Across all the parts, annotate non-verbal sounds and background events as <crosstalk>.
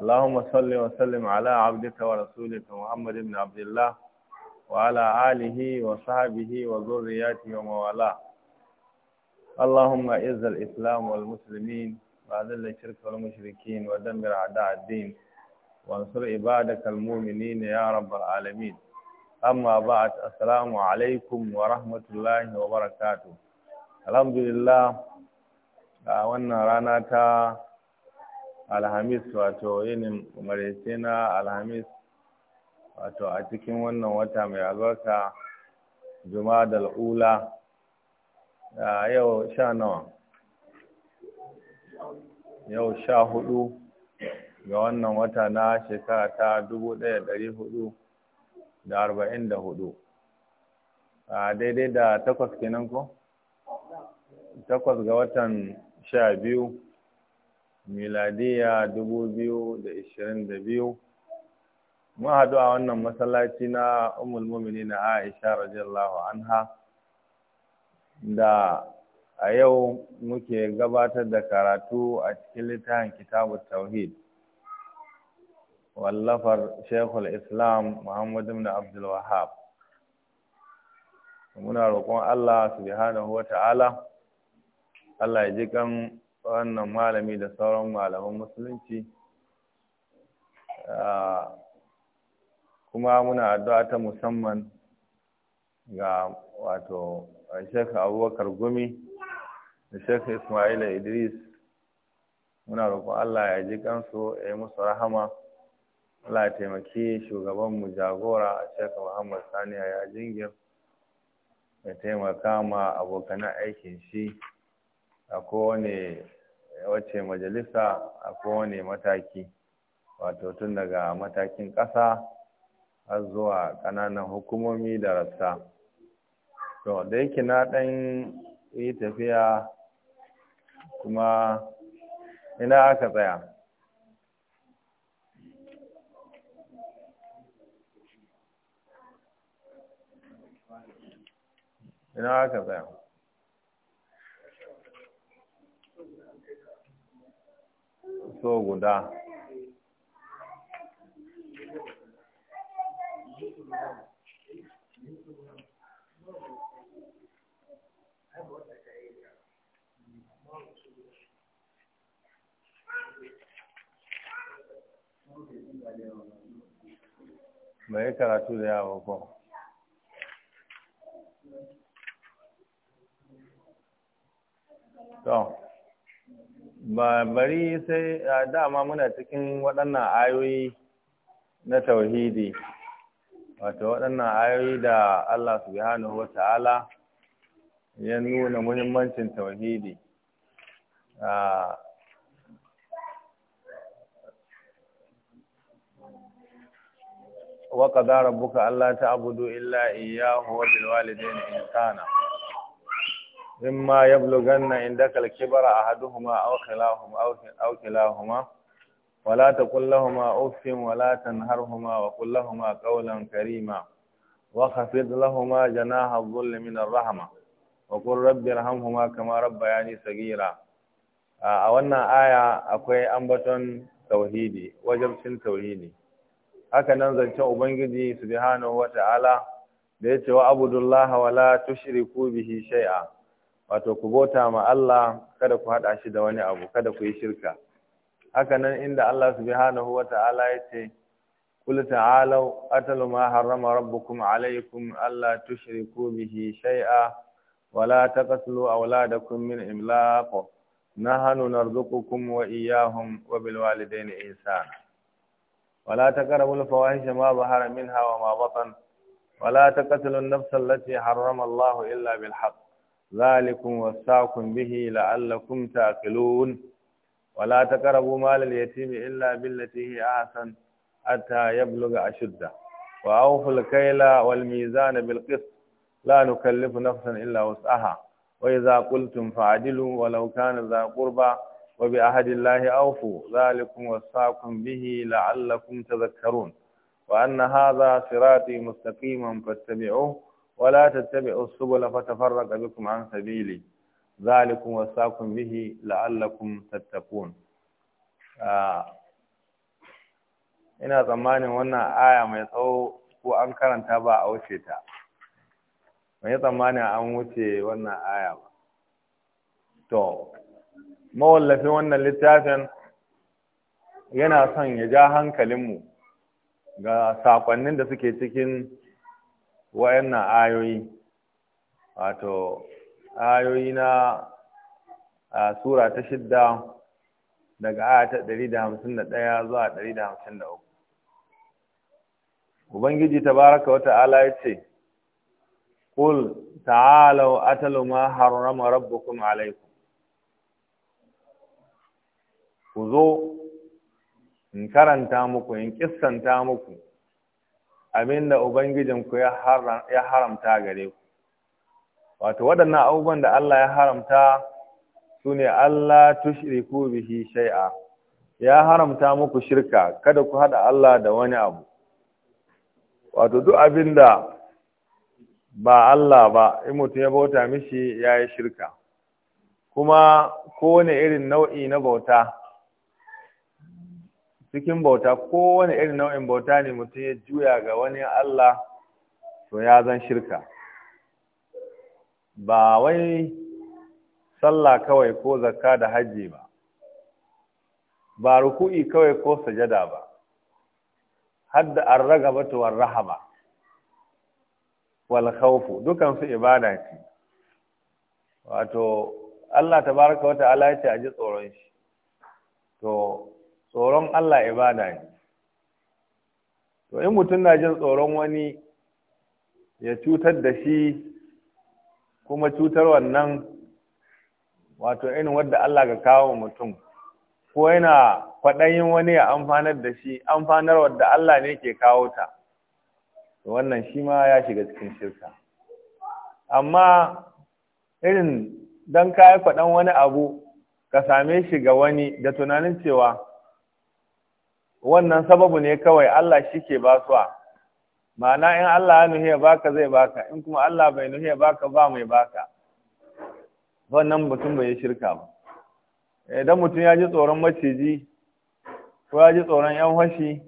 اللهم صل وسلم على عبدك ورسولك محمد بن عبد الله وعلى آله وصحبه وذرياته وموالاه اللهم اعز الإسلام والمسلمين وأذل الشرك والمشركين ودمر أعداء الدين وانصر عبادك المؤمنين يا رب العالمين أما بعد السلام عليكم ورحمة الله وبركاته الحمد لله a wannan rana ta alhamis wato yinin umarce na alhamis wato a cikin wannan wata mai albarka juma'a ula a yau sha nawa yau sha hudu ga wannan wata na shekara ta dubu ɗaya dari hudu da arba'in da hudu a daidai da takwas kenan ko takwas ga watan sha biyu miladiya dubu biyu da biyu mun haɗu a wannan masallaci na umul na Aisha radiyallahu anha da a yau muke gabatar da karatu a cikin littafin kitabu tauhid wallafar shekul islam muhammad ibn abdul muna roƙon allah subhanahu wa ta'ala allah ya ji kan wannan malami da sauran malaman musulunci ah, kuma muna addu'a ta musamman ga wato Sheikh Abubakar Gumi da Sheikh Isma'il Idris muna roƙon Allah ya ji kansu ya yi musu rahama Allah ya taimaki shugabanmu jagora Sheikh Muhammad Sani ya jingir ya taimaka ma abokan aikin shi a kowane wacce majalisa a kowane mataki wato tun daga matakin ƙasa har zuwa ƙananan hukumomi da rassa to da yake na ɗan yi tafiya kuma ina aka tsaya ina aka tsaya so guda mai karatu da yawa ko to ba bari sai dama muna cikin waɗannan ayoyi na tauhidi wato waɗannan ayoyi da Allah subhanahu Ta'ala ya nuna muhimmancin tauhidi wa qadara rabbuka alla ta'budu illa iyyahu wa bil walidayni ihsana mimma yablughanna indakal kibra ahaduhuma aw khilahuma aw aw khilahuma wala taqul lahumā uffin wala tanharhumā wa qul lahumā qawlan karīmā wa khafid lahumā janāha adh-dhulli min ar-raḥmah wa qul rabbi irhamhumā kamā a wannan aya akwai ambaton tauhidi wajibcin tauhidi haka nan zance ubangiji subhanahu wa ta'ala da yace wa abudullaha wa la tushriku bihi shay'an wato ku bauta ma Allah kada ku haɗa shi da wani abu kada ku yi shirka haka nan inda Allah subhanahu wa ta'ala ya ce قل تعالوا أتل ما حرم ربكم عليكم ألا تشركوا به شيئا ولا تقتلوا أولادكم من إملاق نحن نرزقكم وإياهم وبالوالدين إحسانا ولا تقربوا الفواحش ما ظهر منها وما بطن ولا تقتلوا النفس التي حرم الله إلا بالحق ذلكم وصاكم به لعلكم تعقلون ولا تقربوا مال اليتيم إلا بالتي هي أحسن حتى يبلغ أشده وأوفوا الكيل والميزان بالقسط لا نكلف نفسا إلا وسعها وإذا قلتم فعدلوا ولو كان ذا قربى وبعهد الله أوفوا ذلكم وصاكم به لعلكم تذكرون وأن هذا صراطي مستقيما فاتبعوه ولا تتبعوا السبل فتفرق بكم عن سبيلي ذلكم وصاكم به لعلكم تتقون ina tsammanin wannan aya mai tsawo ko an karanta ba a wuce ta mai tsammanin an wuce wannan aya ba to mawallafin wannan littafin yana son ya ja hankalinmu ga sakonnin da suke cikin wayannan ayoyi wato ayoyi na a sura ta shidda daga aya ta 151 zuwa 153 ubangiji tabaraka wata'ala ya ce kul ta'alau atalu ma harrama rabbukum alaikum ku zo in karanta muku in kissanta muku abinda ubangijinku ya haramta gare ku wato waɗannan abubuwan da Allah ya haramta su ne Allah tushriku bihi shai'a. ya haramta muku shirka kada ku haɗa Allah da wani abu wato duk abin da ba Allah ba in mutum ya bauta mishi ya yi shirka kuma kowane irin nau'i na bauta cikin bauta kowane irin nau'in bauta ne mutum ya juya ga wani Allah to ya zan shirka ba wai sallah kawai ko zakka da hajji ba ba ruku'i kawai ko sajada ba hadda an ragaba to war rahama wal khawfu dukan su ibada ce wato Allah tabaraka wa ta'ala ya ce a ji tsoron shi to tsoron Allah ibada ne to in mutum na jin tsoron wani ya cutar da shi kuma cutar wannan wato irin wadda Allah ga kawo mutum ko yana kwaɗayin wani ya amfanar da shi amfanar wadda Allah ne ke kawo ta wannan shi ma ya shiga cikin shirka amma irin don kayi kwaɗan wani abu ka same shi ga wani da tunanin cewa wannan sababu ne kawai Allah shi ke basuwa ma'ana in Allah ya nuhiya baka zai baka in kuma Allah bai nuhiya baka ba mai baka wannan mutum bai yi shirka ba eh, idan mutum ya ji tsoron maciji ko ya ji tsoron yan fashi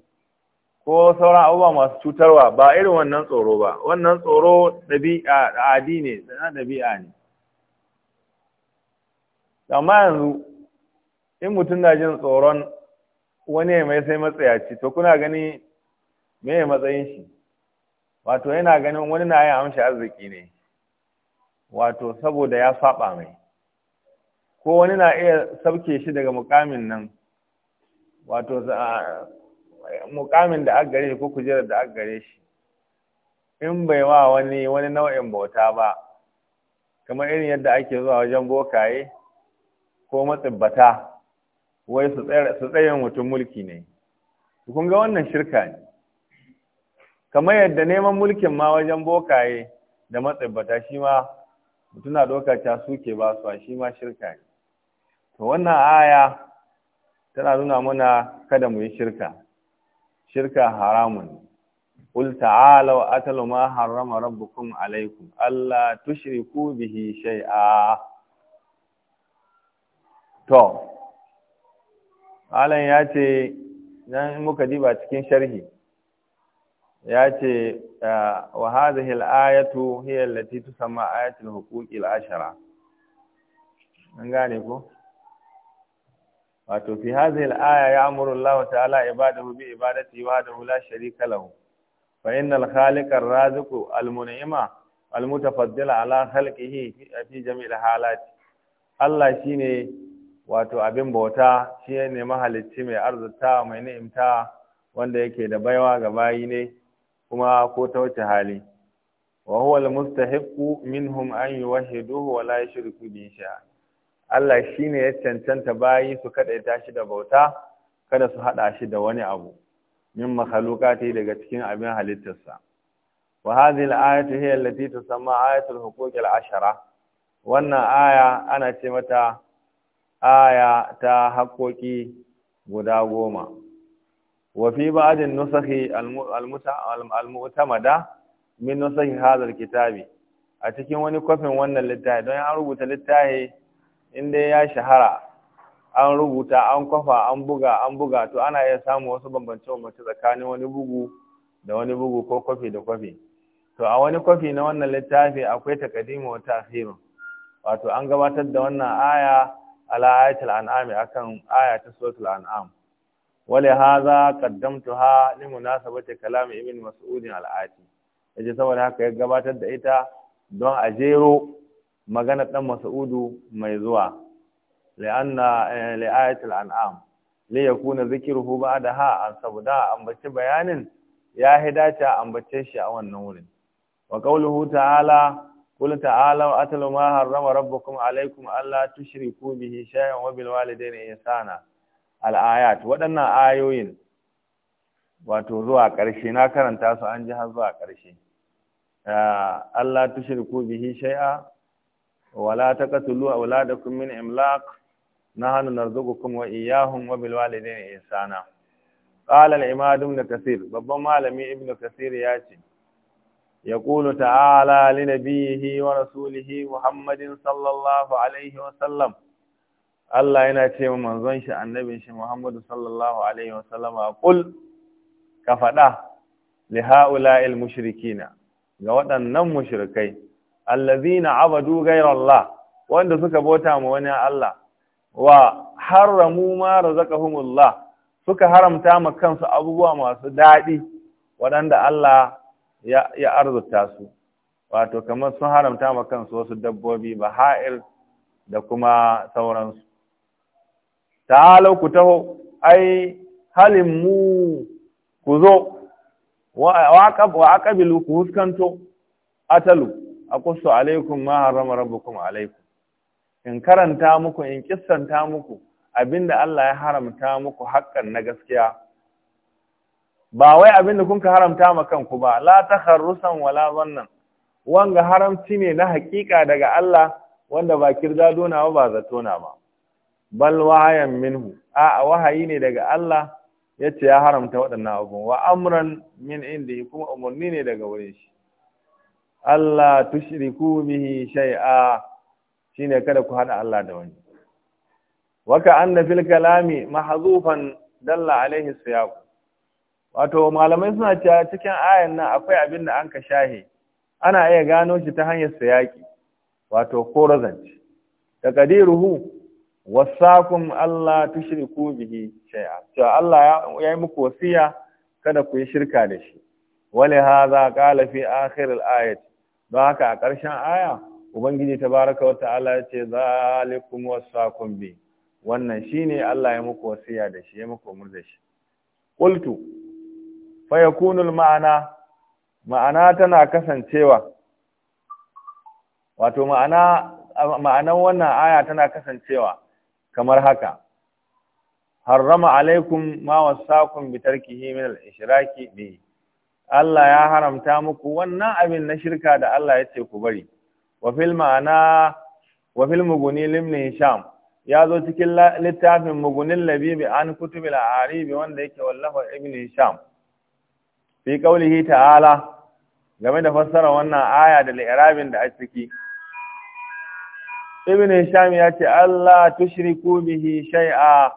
ko sauran abubuwa masu cutarwa ba irin wannan tsoro ba wannan tsoro ɗabi'a adi ne na dabi'a ne amma yanzu in mutum na jin tsoron wani ya mai sai matsayaci to kuna gani me ya matsayin shi wato yana ganin wani na yin amshi arziki ne wato saboda ya saba mai ko wani na iya sauke shi daga mukamin nan wato mukamin da aka gare shi ko kujerar da aka gare shi in bai wa wani wani nau'in bauta ba kamar irin yadda ake zuwa wajen bokaye ko matsibbata wai su tsayen mutum mulki ne kun ga wannan shirka ne kamar yadda neman mulkin ma wajen bokaye da matsabbata shi ma mutum doka ta suke ba su shi ma shirka ne to wannan aya tana nuna mana kada mu yi shirka shirka haramun قل تعالوا أتل ما حرم ربكم عليكم ألا تشركوا به شيئا to malam ya ce nan muka diba cikin sharhi ya ce ah, wa hadhihi al-ayatu hiya allati tusamma ayatul huquqi al-ashara an gane ko wato fi hadhihi al-aya ya'muru Allah ta'ala ibadahu bi ibadati wahdahu la sharika lahu fa innal khaliqa ar-raziqu al-mun'ima al-mutafaddila ala khalqihi fi jami'il halati Allah shine wato abin bauta shi ne mahalicci mai arzuta mai ni'imta wanda yake da baiwa ga bayi ne kuma ko ta wace hali wa huwa almustahiqu minhum an yuwahhiduhu wa la yushriku bihi shay'a Allah shine ya cancanta bayi su kada ta shi da bauta kada su hada shi da wani abu min makhluqati daga cikin abin halittarsa wa hadhihi al-ayatu hiya allati tusamma ayatul huquq al-ashara wannan aya ana ce mata aya ta haƙoƙi guda goma. Wafi ba'adin nusahi al-mu'tamada min nusahi hadar kitabi a cikin wani kwafin wannan littafi don an rubuta littafi inda ya shahara an rubuta an kwafa an buga an buga to ana iya samu wasu bambance-bambance tsakanin wani bugu da wani bugu ko kwafi da kwafi. To a wani kwafi na wannan littafi akwai takadimu wa ta'khirun. Wato an gabatar da wannan aya ala ayatul an'am akan ayatu suratul an'am wali hadha qaddamtuha li munasabati kalam ibn mas'ud al-ati yaje saboda haka ya gabatar da ita don a jero maganar dan mas'udu mai zuwa anna li ayatul an'am li yakuna dhikruhu ha an saboda ambaci bayanin ya hidace ambace shi a wannan wurin wa qawluhu ta'ala قل تعالوا أتل ما حرم ربكم عليكم ألا تشركوا به شيئا وبالوالدين إحسانا الآيات ودنا آيوين wato zuwa ƙarshe na karanta su an ji har zuwa ƙarshe Allah tushriku bihi shay'a wala taqtulu auladakum min imlaq nahnu narzuqukum wa iyyahum wa bil walidayni ihsana qala al-imam ibn kathir babban malami ibn kathir ya ce يقول تعالى لنبيه ورسوله محمد صلى الله عليه وسلم Allah yana ce wa manzon shi annabin shi Muhammadu sallallahu alaihi ka faɗa li haula'il mushrikina ga waɗannan mushrikai allazina abadu Allah, wanda suka bauta ma wani Allah wa haramu ma razaqahumullah suka haramta ma kansu abubuwa masu daɗi waɗanda Allah ya arzuta su wato kamar sun haramta ma kansu wasu dabbobi ha’ir da kuma sauransu ta'alau ku taho ai halin mu ku zo wa aqabilu ku huskanto atalu aqussu alaikum ma harrama rabbukum alaikum in karanta muku in kissanta muku abinda Allah ya haramta muku haƙƙan na gaskiya ba wai abin da kunka haramta ma kanku ba la takharrusan wala zannan wanga haramci ne na haƙiƙa daga Allah wanda ba kirda dona ba ba zato na ba bal wahayan minhu a wahayi ne daga Allah yace ya haramta waɗannan abubuwan wa amran min inda kuma umarni ne daga wurin shi Allah tushriku bihi shay'a shine kada ku hada Allah da wani waka anna fil kalami mahzufan dalla alaihi siyaku. wato malamai suna cewa cikin ayan nan akwai abin da an ka shahe ana iya gano shi ta hanyar sayaki wato ko razanci hu! wasakum Allah tushriku bihi shay'a cewa Allah ya yi muku wasiya kada ku yi shirka da shi wale hadha qala fi akhir al don haka a ƙarshen aya ubangiji tabaraka wa ta'ala ya ce zalikum wasakum bi wannan shine Allah ya muku wasiya da shi ya muku umur da shi qultu fa ma'ana ma'ana tana kasancewa wato ma'ana ma'anan wannan aya tana kasancewa kamar haka harrama alaikum ma wasaqum bi tarkihi min al-ishraki bi Allah ya haramta muku wannan abin na shirka da Allah ya ce ku bari wa fil ma'ana wa fil muguni limni hisham ya zo cikin littafin mugunin labibi an kutubil aribi wanda yake wallafa ibn sham fi ƙaulihi ta'ala game da fassara wannan aya da la'irabin da ake ciki ibn hisham ya ce Allah tushriku bihi shay'a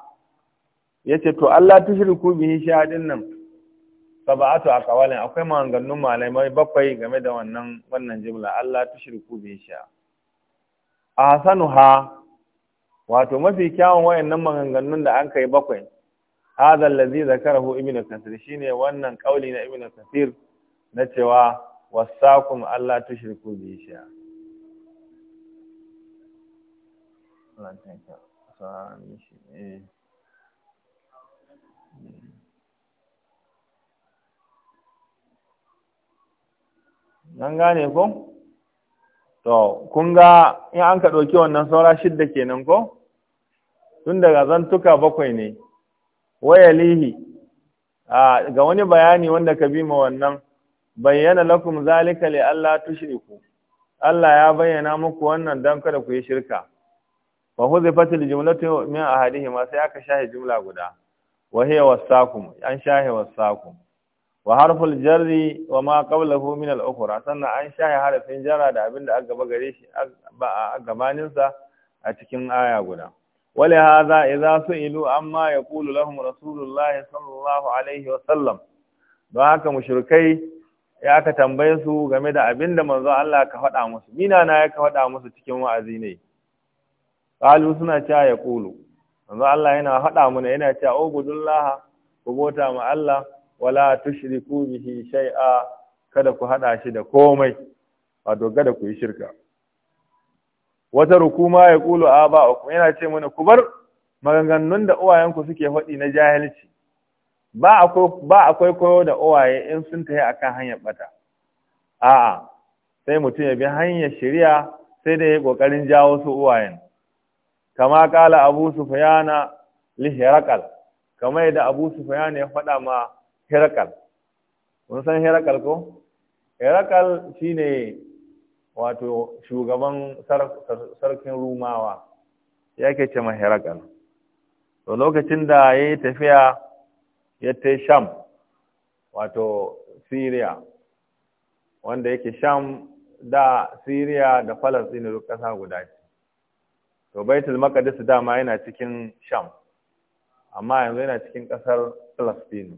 yace to Allah tushriku bihi shay'a din nan sab'atu aqwalin akwai maganganun malamai bakwai game da wannan wannan jumla Allah tushriku bihi shay'a ahsanuha wato mafi kyawun wayannan maganganun da an kai bakwai hadha allazi zakarahu ibnu kathir shine wannan kauli na ibnu kathir na cewa wasakum Allah tushriku bi Nan gane ko? To, kun ga in an ka ɗauki wannan saura shidda kenan ko? Tun daga zantuka bakwai ne. wayalihi ga wani bayani wanda ka bi ma wannan bayyana lakum zalika li alla tushriku Allah ya bayyana muku wannan dan kada ku yi shirka fa huzifatil jumlatu min ahadihima sai aka shahi jumla guda wa hiya wasakum an shahi wasakum wa harful jarri wa ma qablahu min al ukhra sannan an shahi harfin jarra da abinda aka gaba gare shi a gabanin sa a cikin aya guda ولهذا إذا سئلوا عما يقول لهم رسول الله صلى الله عليه وسلم وهكا مشركي ya aka tambaye su game da abin da manzo Allah ka faɗa musu mina na ya ka faɗa musu cikin wa'azi ne qalu suna cewa ya qulu manzo Allah yana faɗa mana yana cewa o gudullaha ku bota ma Allah wala tushriku bihi shay'a kada ku haɗa shi da komai wato kada ku yi shirka wata rukuma ya kulu a ba uku yana ce mana ku bar maganganun da uwayenku suke faɗi na jahilci ba akwai ba koyo da uwaye in sun tafi akan hanyar bata a'a sai mutum ya bi hanyar shari'a sai da ya kokarin jawo su uwayen kama kala abu sufyana li hirakal kama yadda abu sufyana ya faɗa ma hirakal mun san hirakal ko hirakal shine wato shugaban sarkin rumawa ya ke ce maherakal to lokacin da ya yi tafiya ya ta sham wato syria wanda yake sham da Siriya da falasini duk ƙasa guda ce to baitul maqdis dama yana cikin sham amma yanzu yana cikin ƙasar falastinu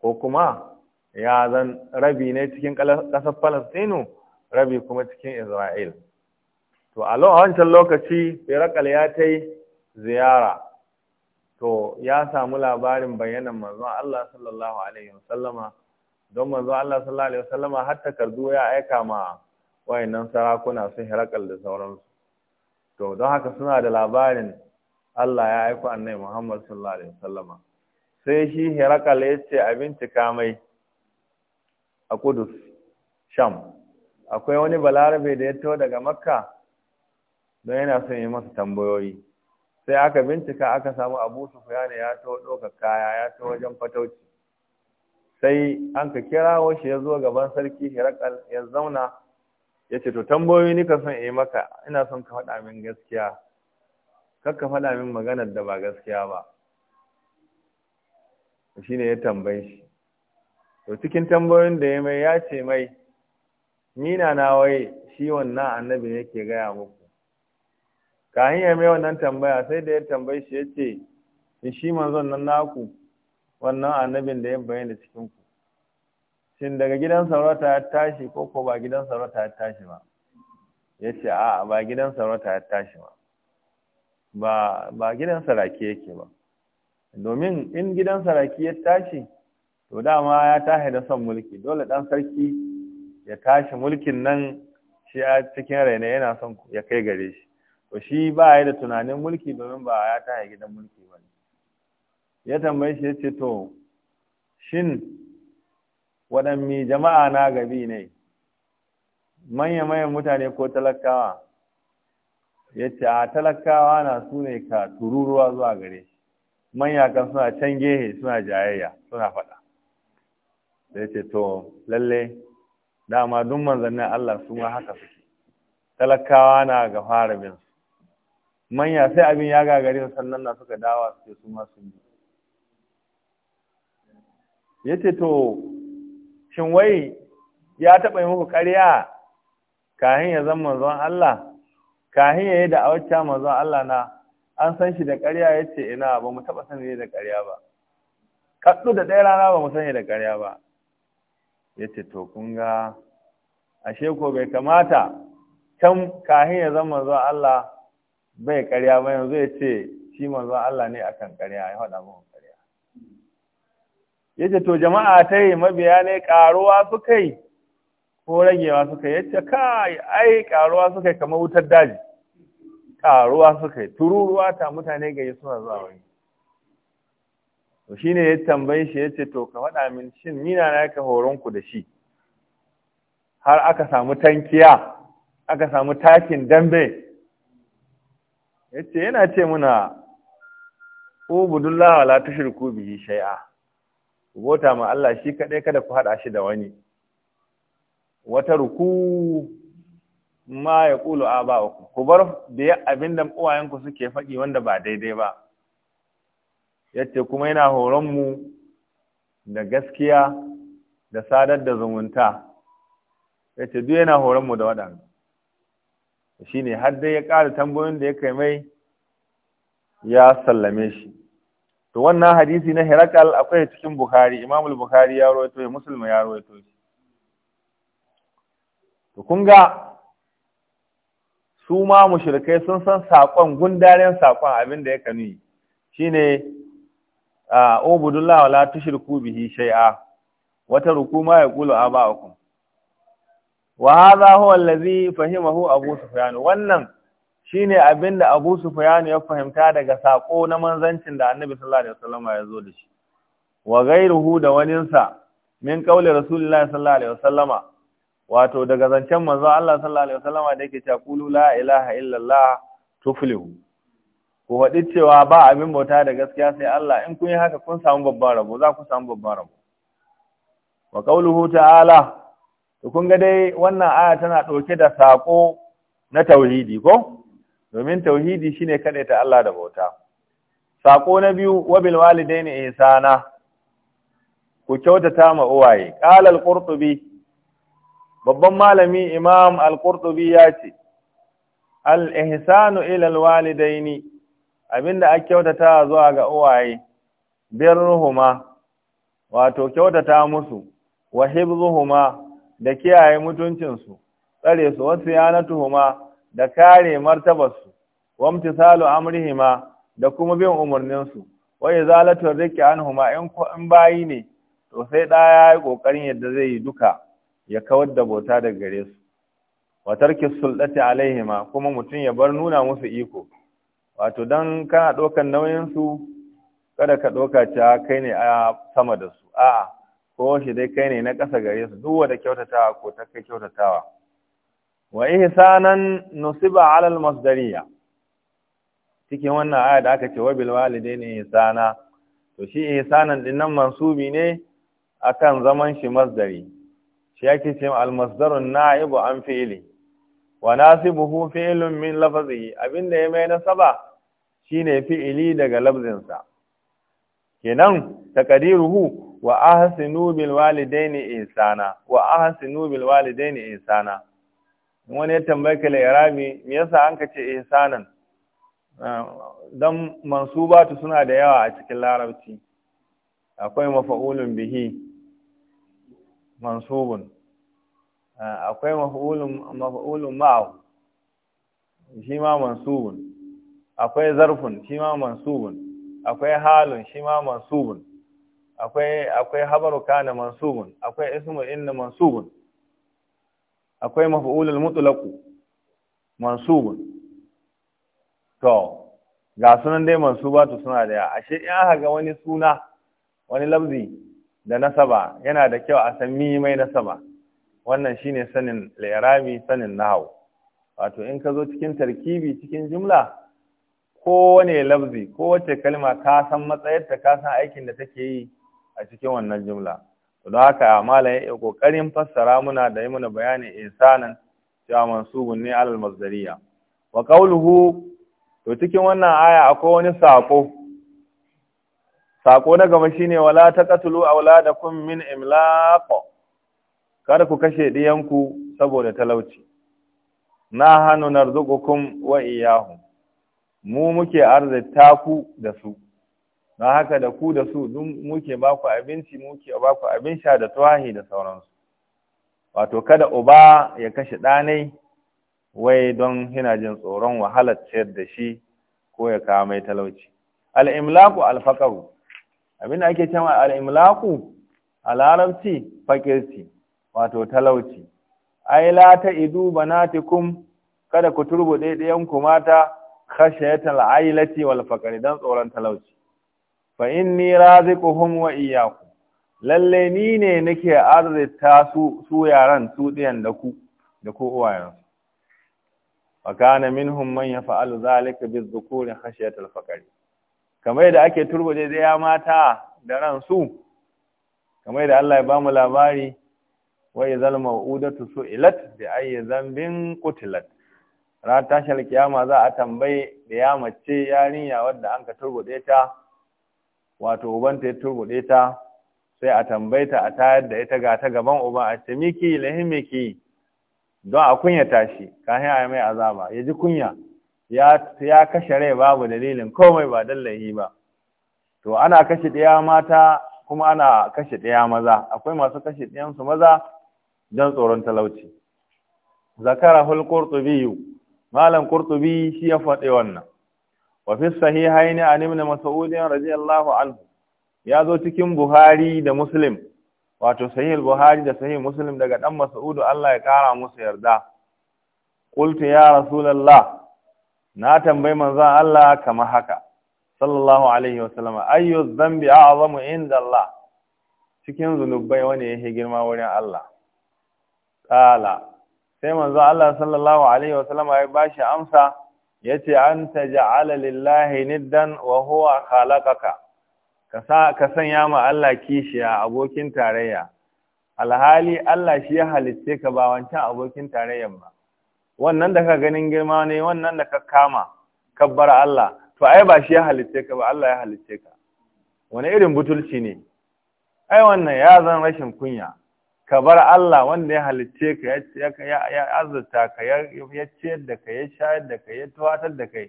ko kuma ya zan rabi ne cikin ƙasar Falasɗinu? rabi kuma cikin Isra'il. To, a wancan lokaci, Firakal ya ta yi ziyara, to, ya samu labarin bayanan manzon Allah sallallahu Alaihi wasallama, don manzon Allah sallallahu Alaihi wasallama har takardu ya aika ma wayannan sarakuna su Firakal da sauransu. To, don haka suna da labarin Allah ya aiko annai Muhammad sallallahu Alaihi wasallama. Sai shi Firakal ya ce a bincika mai a Kudus, Sham. akwai wani balarabe da ya to daga makka don yana son yi masa tambayoyi sai aka bincika aka samu abu sufyan ya to ɗauka kaya ya to wajen fatauci sai an ka kirawo shi ya zo gaban sarki hirakal ya zauna ya ce to tambayoyi ni ka son yi maka ina son ka faɗa min gaskiya kar ka faɗa min maganar da ba gaskiya ba shi ne ya tambaye shi to cikin tambayoyin da ya mai ya ce mai ni na nawaye shi wannan annabi ne ke gaya muku kahin ya mai wannan tambaya sai da ya tambaye shi ya ce shi manzon nan naku wannan annabin da ya bayyana cikin ku shin daga gidan sarauta ya tashi ko ko ba gidan sarauta ya tashi ba ya ce a ba gidan sarauta ya tashi ba ba ba gidan saraki yake ba domin in gidan saraki ya tashi to dama ya tashi da son mulki dole dan sarki ya tashi mulkin nan shi a cikin raina yana son ya kai gare shi to shi ba ya da tunanin mulki domin ba ya tashi gidan mulki ba ya tambaye shi ya ce to shin waɗanne jama'a na gabi ne manya-manyan mutane ko talakawa ya ce a talakawa na su ne ka tururuwa zuwa gare shi manya kan suna can gehe suna jayayya suna faɗa sai ya ce to lalle dama duk manzannin Allah su ma haka suke talakawa na ga fara bin manya sai abin ya gagare su sannan na suka dawa suke su ma sun yi yace to shin wai ya taɓa yi muku ƙarya kahin ya zama manzon Allah kahin ya yi da awacca manzon Allah na an san shi da ƙarya ya ce ina ba mu taɓa sani da ƙarya ba kaɗu da ɗaya rana ba mu sani da ƙarya ba ya ce to kun ga ashe ko bai kamata can kahin ya zama zuwa Allah bai karya ba yanzu ya ce shi manzon Allah ne akan karya ya faɗa karya ya ce to jama'a ta yi mabiya ne ƙaruwa su kai ko ragewa su kai ya ce kai ai ƙaruwa su kai kamar wutar daji ƙaruwa su kai tururuwa ta mutane gari suna zuwa wani to shine ya tambaye shi yace to ka faɗa min shin ni na naka horon ku da shi har aka samu tankiya aka samu takin dambe yace yana ce muna ubudullah wala tushriku bihi shay'a bota ma Allah shi kadai kada ku hada shi da wani wata ruku ma ya kulu aba'ukum ku bar da abinda uwayenku suke faɗi wanda ba daidai ba yace kuma yana horon mu da gaskiya da sadar da zumunta yace duk yana horon mu da waɗannan ne har dai ya ƙara tambayoyin da ya kai mai ya sallame shi to wannan hadisi na Herakal akwai cikin Bukhari Imamul bukhari ya rawaito ya Muslim ya rawaito shi to kun ga su ma mushrikai sun san saƙon gundaren sakon abin da ya kanu shine ubudullah wala tushriku bihi A, wata rukuma ya qulu aba'ukum wa hadha huwa allazi fahimahu abu sufyan wannan shine abinda abu sufyan ya fahimta daga sako na manzancin da annabi sallallahu alaihi wasallam ya zo da shi wa gairuhu da waninsa min qawli rasulullahi sallallahu alaihi wasallama wato daga zancen manzo Allah sallallahu alaihi wasallama da yake cewa qulu la ilaha illallah tuflihu ku faɗi cewa ba abin bauta da gaskiya sai Allah in kun yi haka kun samu babban rabo za ku samu babban rabo wa qauluhu ta'ala to kun ga dai wannan aya tana ɗauke da saƙo na tauhidi ko domin tauhidi shine kaɗai ta Allah da bauta sako na biyu wa bil walidaini ihsana ku kyautata ma uwaye qala al-qurtubi babban malami imam al-qurtubi ya ce al-ihsanu ila al-walidaini Abin da a kyautata zuwa ga uwaye birruhuma wato kyautata musu wa hibzuhuma da kiyaye mutuncinsu tsare su wasu huma da kare martabarsu wa amtisalu amrihima da kuma bin umarninsu wa izalatu rikki anhuma in in bayi ne to sai da ya yi kokarin yadda zai yi duka ya kawar da bota daga gare su wa tarki sulati alaihima kuma mutum ya bar nuna musu iko wato don kana ɗaukar nauyinsu kada ka ɗauka cewa kai ne a sama da su a'a ko shi dai kai ne na ƙasa gare su duk wanda kyautatawa ko ta kai kyautatawa wa ihsanan nusiba ala al-masdariya cikin wannan aya da aka ce wa bil walidaini ihsana to shi ihsanan din nan mansubi ne akan zaman shi masdari shi yake ce al masdaru na'ibu an fi'ili wa nasibuhu fi'lun min lafzihi abinda ya mai nasaba Shi fi fi'ili daga labzinsa kenan taqdiruhu wa ahsinu bil walidaini insana, wa ahsinu bil walidaini insana. wani ya tambayi ka me yasa an ka ce ihsanan ah, dan mansubatu suna da yawa a cikin larabci akwai mafa'ulun bihi mansubun ah, akwai mafa'ulun ma'ahu shi ma mansubun akwai zarfun shi ma mansubun akwai halun shi ma mansubun akwai akwai habaru kana mansubun akwai ismu inna mansubun akwai maf'ulul mutlaqu mansubun to ga sunan dai mansubatu suna da ya ashe in aka ga wani suna wani labzi da nasaba yana da kyau a san mi mai nasaba wannan shine sanin lirami sanin nahwu wato in ka zo cikin tarkibi cikin jumla kowane lafzi kowace kalma ka san matsayarta ka san aikin da take yi a cikin wannan jumla don haka malam ya kokarin fassara muna da yi muna bayanin insanan cewa mansubun ne alal masdariya wa qawluhu to cikin wannan aya akwai wani sako sako na gaba shine wala taqatulu auladakum min imlaq kada ku kashe diyanku saboda talauci na hanu narzuqukum wa iyahu. mu muke arzita ku da su don haka da ku da su duk muke ba ku abinci muke ba ku abin sha da tuwahi da sauransu wato kada uba ya kashe ɗanai wai don hina jin tsoron wahalar ciyar da shi ko ya kawo mai talauci al'imlaku alfakaru abin da ake cewa al'imlaku a larabci fakirci wato talauci ai la ta idu banatikum kada ku turbo ku mata khashayatal ailati wal faqri dan tsoron talauci fa inni raziquhum wa iyyakum lalle ni ne nake arzita su su yaran su diyan da ku da ku uwayen wa kana minhum man yaf'alu zalika bizukuri khashayatal faqri kamar da ake turbuje da mata da ran su kamar da Allah ya bamu labari wa idhal maw'udatu su'ilat bi ayyi dhanbin qutilat ran tashar kiyama za a tambayi da ya mace yarinya wadda an ka turbude ta wato ubanta ya turbude ta sai a tambaye ta a tayar da ita ga ta gaban uba a ce miki lahin miki don a kunya tashi kafin a yi mai azaba ya ji kunya ya kashe rai babu dalilin komai ba dallahi ba to ana kashe ɗaya mata kuma ana kashe ɗaya maza akwai masu kashe ɗayansu maza don tsoron talauci zakara hulkur biyu malam qurtubi shi ya faɗi wannan wa fi sahihaini an ibn mas'ud radiyallahu anhu ya zo cikin buhari da muslim wato sahih buhari da sahih muslim daga dan mas'ud Allah ya kara musu yarda qultu ya rasulullah na tambayi manzon Allah kama haka sallallahu alaihi wa sallama ayyu dhanbi a'zamu inda Allah cikin zunubai wani yake girma wurin Allah qala sai manzo Allah sallallahu alaihi wasallam ya bashi amsa yace anta ja'ala lillahi niddan wa huwa khalaqaka ka ka sanya ma Allah kishiya abokin tarayya alhali Allah shi ya halitte ka ba wancan abokin tarayyan ba wannan da ka ganin girma ne wannan da ka kama kabbar Allah to ai ba shi ya halitte ka ba Allah ya halitte ka wani irin butulci ne ai wannan ya zan rashin kunya ka bar Allah wanda ya halicce ka ya azurta ka ya ciyar da ka ya shayar da ka ya tuwatar da kai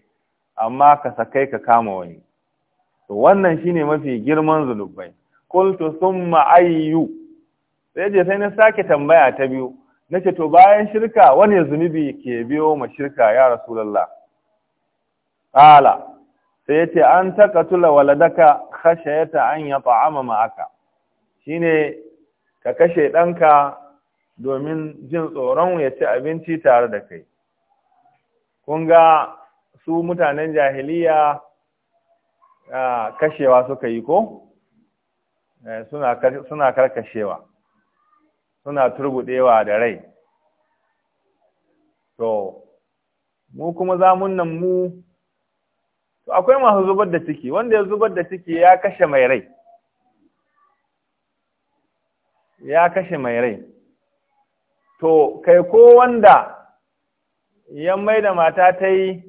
amma ka sakai ka kama wani to wannan shine mafi girman zunubai qultu sun ayyu sai je sai na sake tambaya ta biyu nace to bayan shirka wani zunubi ke biyo ma shirka ya rasulullah qala sai yace an takatula waladaka khashayata an yata'ama ma'aka shine ka kashe ɗanka domin jin tsoron ya ci abinci tare da kai kun ga su mutanen jahiliya kashewa suka yi ko eh, suna karkashewa suna turbudewa da rai to mu kuma zamun nan mu akwai masu zubar da ciki wanda ya zubar da ciki ya kashe mai rai ya kashe mai rai to kai ko wanda ya mai da mata ta yi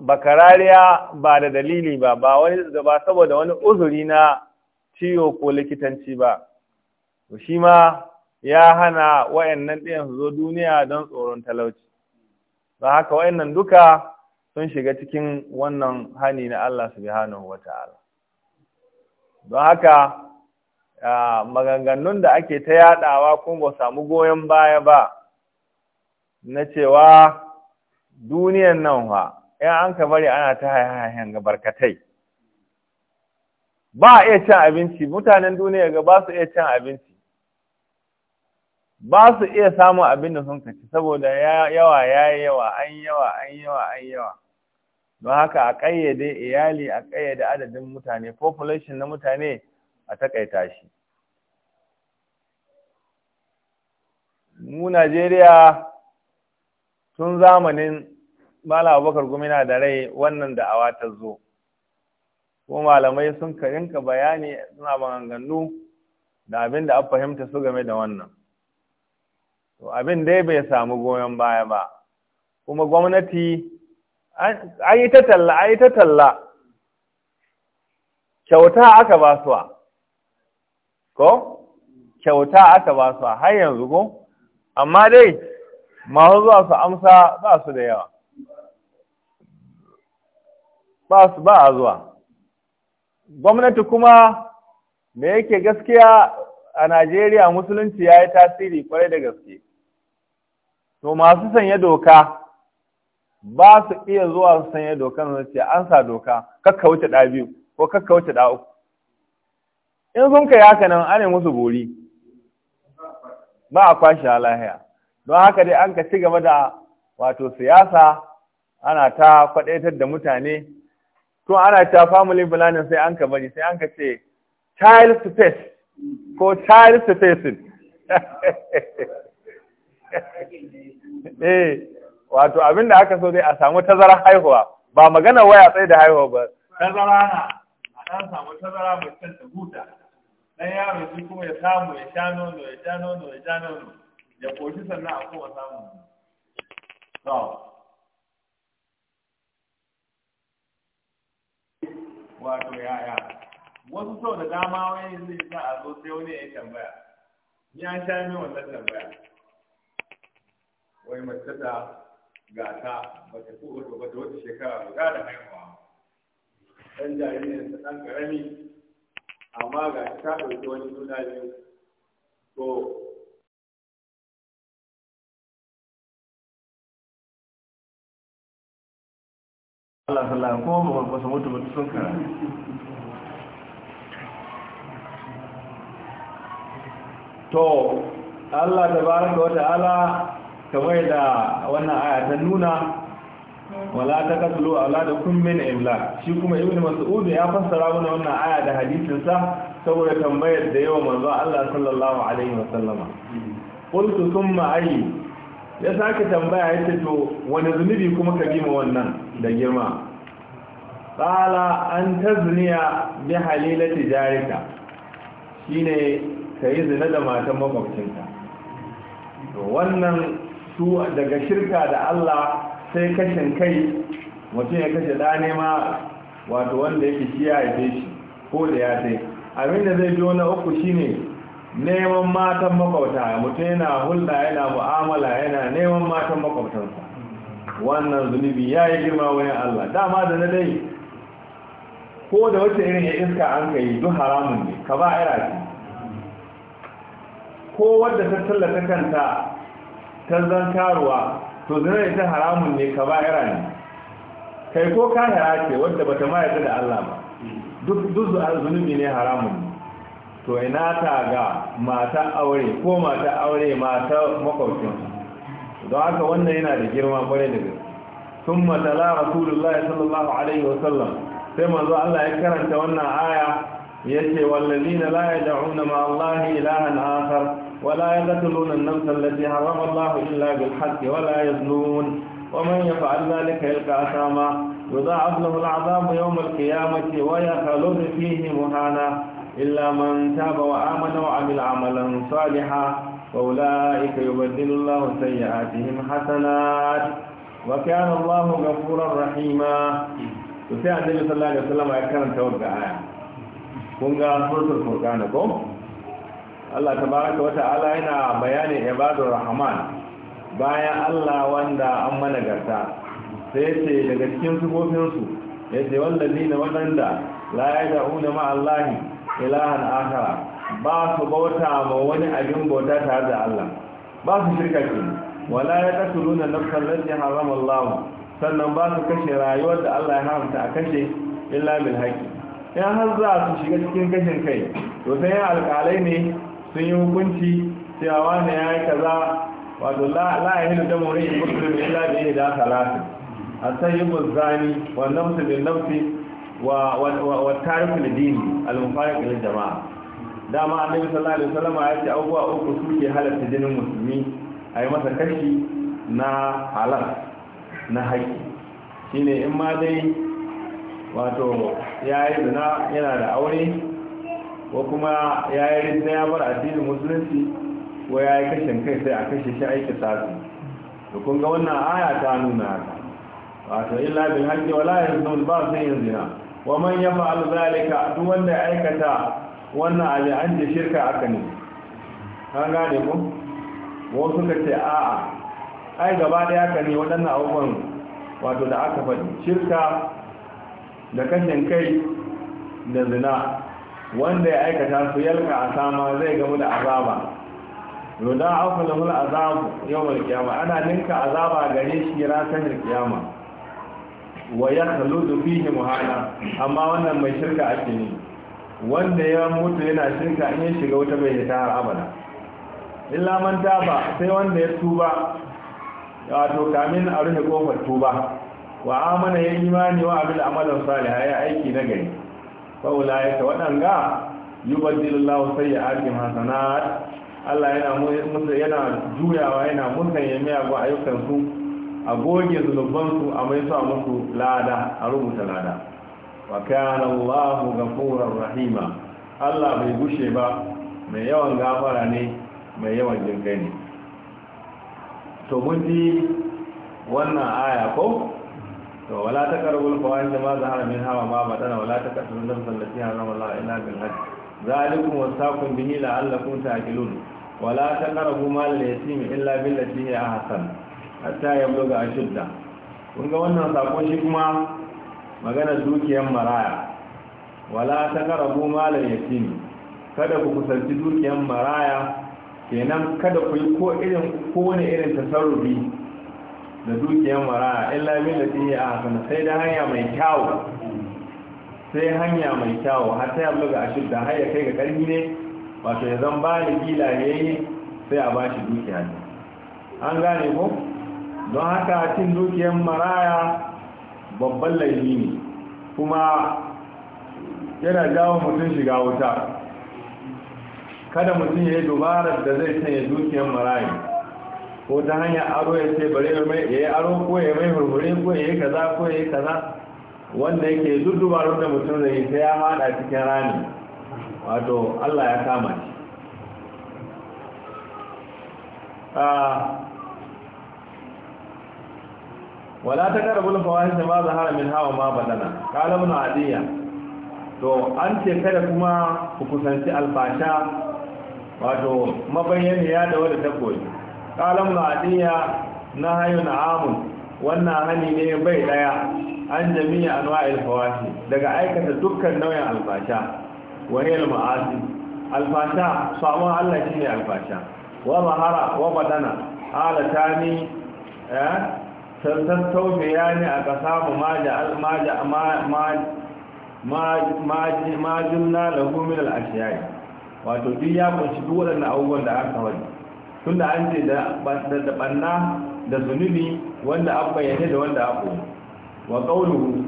bakarariya ba da dalili ba ba wani gaba saboda wani uzuri na ciwo ko likitanci ba shi ma ya hana wayannan ɗayan su zo duniya don tsoron talauci ba haka wayannan duka sun shiga cikin wannan hani na Allah subhanahu Ta'ala. don haka maganganun da ake ta yaɗawa kun ba samu goyon baya ba na cewa duniyan nan fa in an ka bari ana ta haihahen ga barkatai ba a iya cin abinci mutanen duniya ga ba su iya cin abinci ba su iya samun abin da sun kaci saboda yawa ya yi yawa an yawa an yawa an yawa don haka a ƙayyade iyali a ƙayyade adadin mutane population na mutane a takaita shi mu Najeriya tun zamanin Malam Abubakar Gumina da rai wannan da'awa ta zo ko malamai sun karinka bayani suna maganganu da abin da an fahimta su game da wannan to abin dai bai samu goyon baya ba kuma gwamnati an an yi ta talla kyauta aka basuwa ko kyauta aka ba su har yanzu ko amma dai masu zuwa su amsa ba su da yawa ba su ba a zuwa gwamnati kuma me yake gaskiya a Najeriya musulunci ya yi tasiri kwarai da gaske to masu sanya doka ba su iya zuwa su sanya dokan su ce an sa doka kakka wuce ɗa biyu ko kakka wuce ɗa uku in sun kai haka nan ana musu gori ba a kwashe lahiya don haka dai an ka ci gaba da wato siyasa ana ta kwadaitar da mutane to ana ta family planning sai an ka bari sai an ka ce child space ko child spacing <laughs> eh wato abinda aka so dai a samu tazara haihuwa ba magana waya tsaye da haihuwa ba tazara na a samu tazara mutum da huta dan yaro shi kuma ya samu ya sha nono ya sha nono ya sha nono ya koshi sannan a kuma samu to wato yaya wasu sau da dama wani zai sa a zo sai wani ya yi tambaya ya sha ni wannan tambaya wai mace ta gata ba ta ko ba ta wata shekara ga da haihuwa dan jaririn ta dan karami amma ga ta ɗauki wani nuna biyu to Allah sallah ko ba ba su mutu mutu sun kara to Allah tabaraka wa ta'ala kamar da wannan aya ta nuna wala ta kasulu ala da kun min imla shi kuma ibnu mas'ud ya fassara mana wannan aya da hadisin sa saboda tambayar da yawa manzo Allah sallallahu alaihi wa sallama qultu thumma ayi ya sake tambaya yace to wani zunubi kuma ka gima wannan da girma qala an tazniya bi halilati jarika shine kai zina da matan makwabcinka wannan su daga shirka da Allah sai kashin kai mutum ya kashe da nema wato wanda yake shi ya haife shi ko da ya sai abin da zai biyo na uku shine neman matan makwabta mutum yana hulɗa yana mu'amala yana neman matan makwabtansa wannan zunubi ya yi girma wani allah dama da na dai ko da wata irin ya iska an ka yi duk haramun ne ka ba ira ce ko wadda ta tallata kanta ta zan karuwa to zina ita haramun ne ka ba'ira ne kai ko ka hara ce wadda bata ma da Allah ba duk duk zunubi ne haramun to ina ta ga mata aure ko mata aure mata makwabcin don haka wannan yana da girma kwarai da gaske sun matala rasulullahi sallallahu alaihi wasallam sai manzo Allah ya karanta wannan aya yace wallazina la yad'una ma Allah ilahan akhar ولا يقتلون النفس التي حرم الله إلا بالحق ولا يزنون ومن يفعل ذلك يلقى أثاما يضاعف له العذاب يوم القيامة ويخلد فيه مهانا إلا من تاب وآمن وعمل عملا صالحا فأولئك يبدل الله سيئاتهم حسنات وكان الله غفورا رحيما وسيع النبي صلى الله عليه وسلم أكرم توقع كونغا سورة الفرقان كم Allah tabaraka wa ta'ala yana bayani ibadu rahman bayan Allah wanda an mana garta, sai ce daga cikin sufofinsu ya ce wallazi na wadanda la ya da'una ma Allahi ilahan akara ba su bauta ma wani abin bauta tare da Allah ba su shirka ce wala ya kasuru nafsan lati haram Allah sannan ba su kashe rayuwar da Allah ya haramta a kashe illa bil haqi. ya har za su shiga cikin gashin kai to sai alƙalai ne sun yi hukunci cewa wani ya yi kaza wato la'ayi da hilu da mori da musulun illa da yi da talatin a san yi muzani wa namsu bin namsi wa da dini al-mufariq jama'a dama annabi sallallahu alaihi wasallam ya ce abubuwa uku suke halatta jinin musulmi a yi masa kashi na halal na haƙƙi shine in ma dai wato ya yi zina yana da aure ko kuma ya yi rinta ya bar addinin musulunci ko ya yi kashin kai sai a kashe shi aiki sasu da kun ga wannan aya ta nuna haka wato illa bin haqqi wala yaznun ba sai yin zina wa man yaf'al zalika duk wanda ya aikata wannan abin an ce shirka aka ne an gane ku wasu suka ce a'a ai gaba ɗaya ka ne waɗannan abubuwan wato da aka faɗi shirka da kashin kai da zina wanda ya aikata su yalka sama zai gamu da azaba da hula azabu yau yawmal kiyama ana ninka azaba gare shi da kiyama wa ya da fihi muhana amma wannan mai shirka ake ne wanda ya mutu yana shirka in ya shiga wuta mai ta har abada illa man taba sai wanda ya tuba wato kamin a rufe kofar tuba wa amana ya imani wa abil amalan salihaya aiki na gari ya ta waɗanga yubaddilullahu sayyi'atihim hasanat Allah yana Allah yana juyawa yana musu ya miya ga su a goge zulubban a mai sa musu lada a rubuta lada wa kana ga ghafurur rahima Allah bai gushe ba mai yawan gafara ne mai yawan jinkai ne to mun ji wannan aya ko ولا تقربوا الفواحش ما ظهر منها وما بطن ولا تقتلوا النفس التي حرم الله الا بالحق ذلكم وصاكم به لعلكم تعقلون ولا تقربوا مال اليتيم الا بالتي هي احسن حتى يبلغ اشده kun ga wannan sakon shi kuma magana dukiyar maraya wala ta karabu malar yatimi kada ku kusanci dukiyar maraya kenan kada ku yi ko irin ko wani irin tasarrufi da dukiyar mara illa millati a hasan sai da hanya mai kyawu sai hanya mai kyawu har ta yablu ga ashir da haya kai ga karfi ne wato ya zan ba da gila yi sai a ba shi dukiya ne an gane ko don haka cin dukiyar maraya babban laifi ne kuma yana jawo mutum shiga wuta kada mutum ya yi dubarar da zai sanya dukiyar maraya ko ta hanyar aro ya ce bare ya yi aro ko ya mai murmure ko ya yi kaza ko ya yi kaza wanda yake duk dubarun da mutum da yi sai ya hada cikin rami wato allah ya kama shi ah, wala ta karabul ba ma zahara min hawa ma badana qala ibn adiya to an ce kada kuma ku kusanci albasha wato mabayyaniya da wadda ta koyi kalan ma'aniya na hayu na amun wannan hani ne bai daya an jami'a anwa'il fawashi daga aikata dukkan nau'in alfasha wa hiya al alfasha Samun Allah ne alfasha wa mahara wa badana halatani eh tattau yani a kasa mu maji majin na da ma wato duk ya kunshi duk wadannan abubuwan da aka wani tunda an ce da banna da zunubi wanda an bayyane da wanda abu wa qawluhu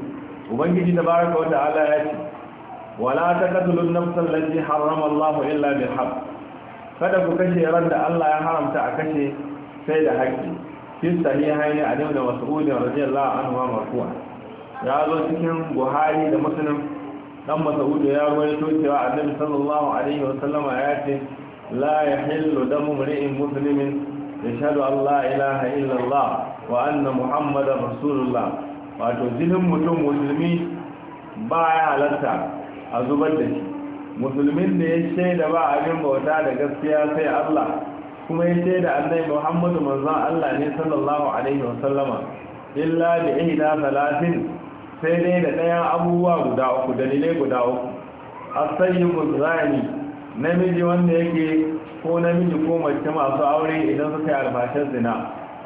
ubangiji tabaraka wa ta'ala ya ce wala taqtulun nafsan allati harrama Allah illa bil haqq kada ku kashe ran da Allah ya haramta a kashe sai da haƙƙi cikin sahihaini a da mas'udin radiyallahu anhu wa marfu'a ya zo cikin buhari da muslim dan mas'ud ya rawaito cewa annabi sallallahu alaihi wa sallama ya ce لا يحل دم امرئ مسلم يشهد أن لا إله إلا الله وأن محمد رسول الله ba ya مسلمي a zubar da shi. musulmin da ya shaida ba abin bauta da gaskiya sai Allah kuma ya shaida annai Muhammadu manzon Allah ne sallallahu alaihi wasallama illa da ihda talatin, sai dai da ɗayan abubuwa guda uku dalilai guda uku as-sayyibu zani namiji wanda yake ko namiji ko mace masu aure idan suka yi albashin zina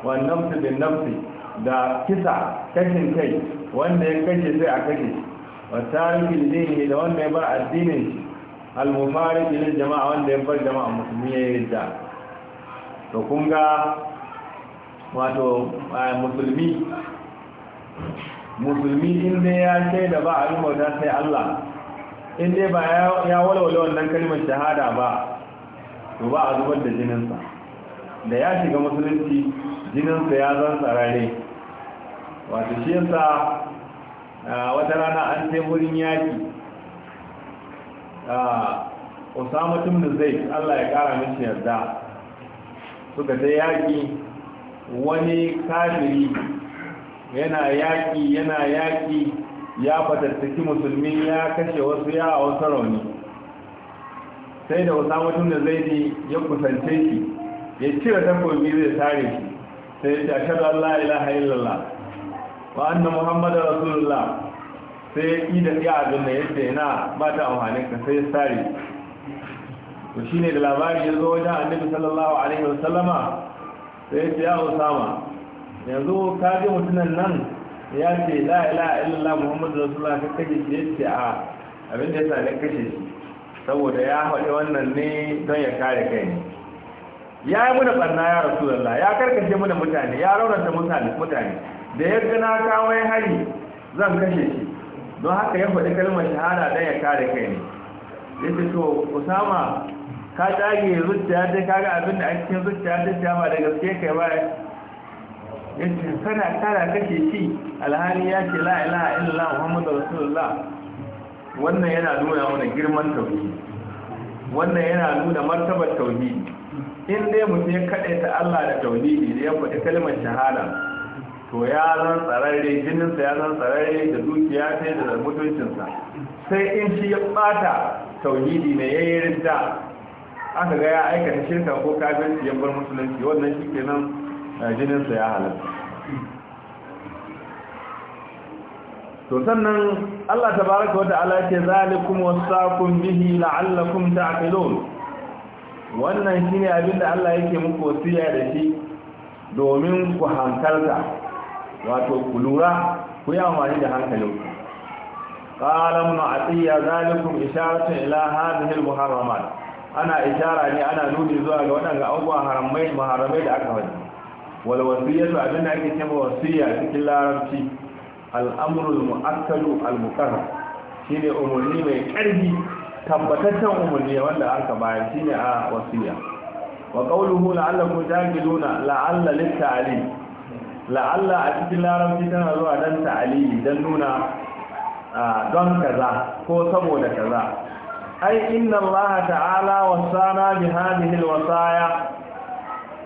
wannan su bin nafsi da kisa kashin kai wanda ya kashe sai a kashe wa tarihin zini da wanda ya bar addinin shi almufari ilin jama'a wanda ya bar jama'a musulmi ya yi da to kun ga wato musulmi musulmi inda ya shaida ba a yi sai Allah in dai ba ya walwale wannan kalmar shahada ba to ba a zubar da jininsa da ya shiga musulunci jininsa ya zan tsarare wato shi yasa wata rana an sai wurin yaki usama tun zai allah ya kara mishi yarda suka ta yaki wani kafiri yana yaki yana yaki ya fatattaki musulmi ya kashe wasu ya a wasu rauni sai da wasu mutum da zai ya kusance shi ya cire takobi zai tare shi sai ya shaɗa Allah ilaha illallah wa annan muhammadu rasulullah sai ya ƙi da ya abin da yadda yana ba ta amfani ka sai ya tare ku shi ne da labari ya zo wajen annabi sallallahu alaihi wasallama sai ya ce ya usama yanzu ka ji mutunan nan ya ce la ila illa muhammadu rasulullah ka kashe shi yace a abin da yasa ne kashe shi saboda ya haɗe wannan ne don ya kare kai ne ya yi muna ɓanna ya rasulullah ya karkashe muna mutane ya raunata mutane mutane da ya gana kawo ya hari zan kashe shi don haka ya faɗi kalmar shahada don ya kare kai ne ya ce to usama ka dage zuciya ta kaga abin da ake cikin zuciya ta ba da gaske kai ba yace sana kara kashe shi alhali ya ce la ilaha illallah muhammadu rasulullah wannan yana nuna mana girman tauhidi wannan yana nuna martabar tauhidi in dai mutum ya ta Allah da tauhidi da ya faɗi kalmar shahada to ya zan tsararre sa ya zan tsararre da dukiya sai da mutuncinsa sai in shi ya bata tauhidi ne ya da aka ga ya aikata shirka ko kafin ya bar musulunci wannan shi kenan jininsa ya halatta to sannan Allah ta baraka wata ce zalikum wasaqum bihi la'allakum ta'qilun wannan shine ne abinda Allah yake muku wasiya da shi domin ku hankalta wato ku lura ku yi amfani da hankalin ku qala ibn atiya zalikum isharatu ila hadhihi ana ishara ne ana nuni zuwa ga waɗanda abubuwa haramai da aka faɗi wal wasiyatu abin da ake cewa wasiya cikin larabci al'amrul mu'akkalu al muqarrar shine umurni mai karfi tabbataccen umurni wanda aka bayar shine a wasiya wa qawluhu la'alla tajiduna la'alla lit la'alla a cikin larabci tana zuwa dan ta'ali dan nuna don kaza ko saboda kaza ai inna allaha ta'ala wasana bi hadhihi al-wasaya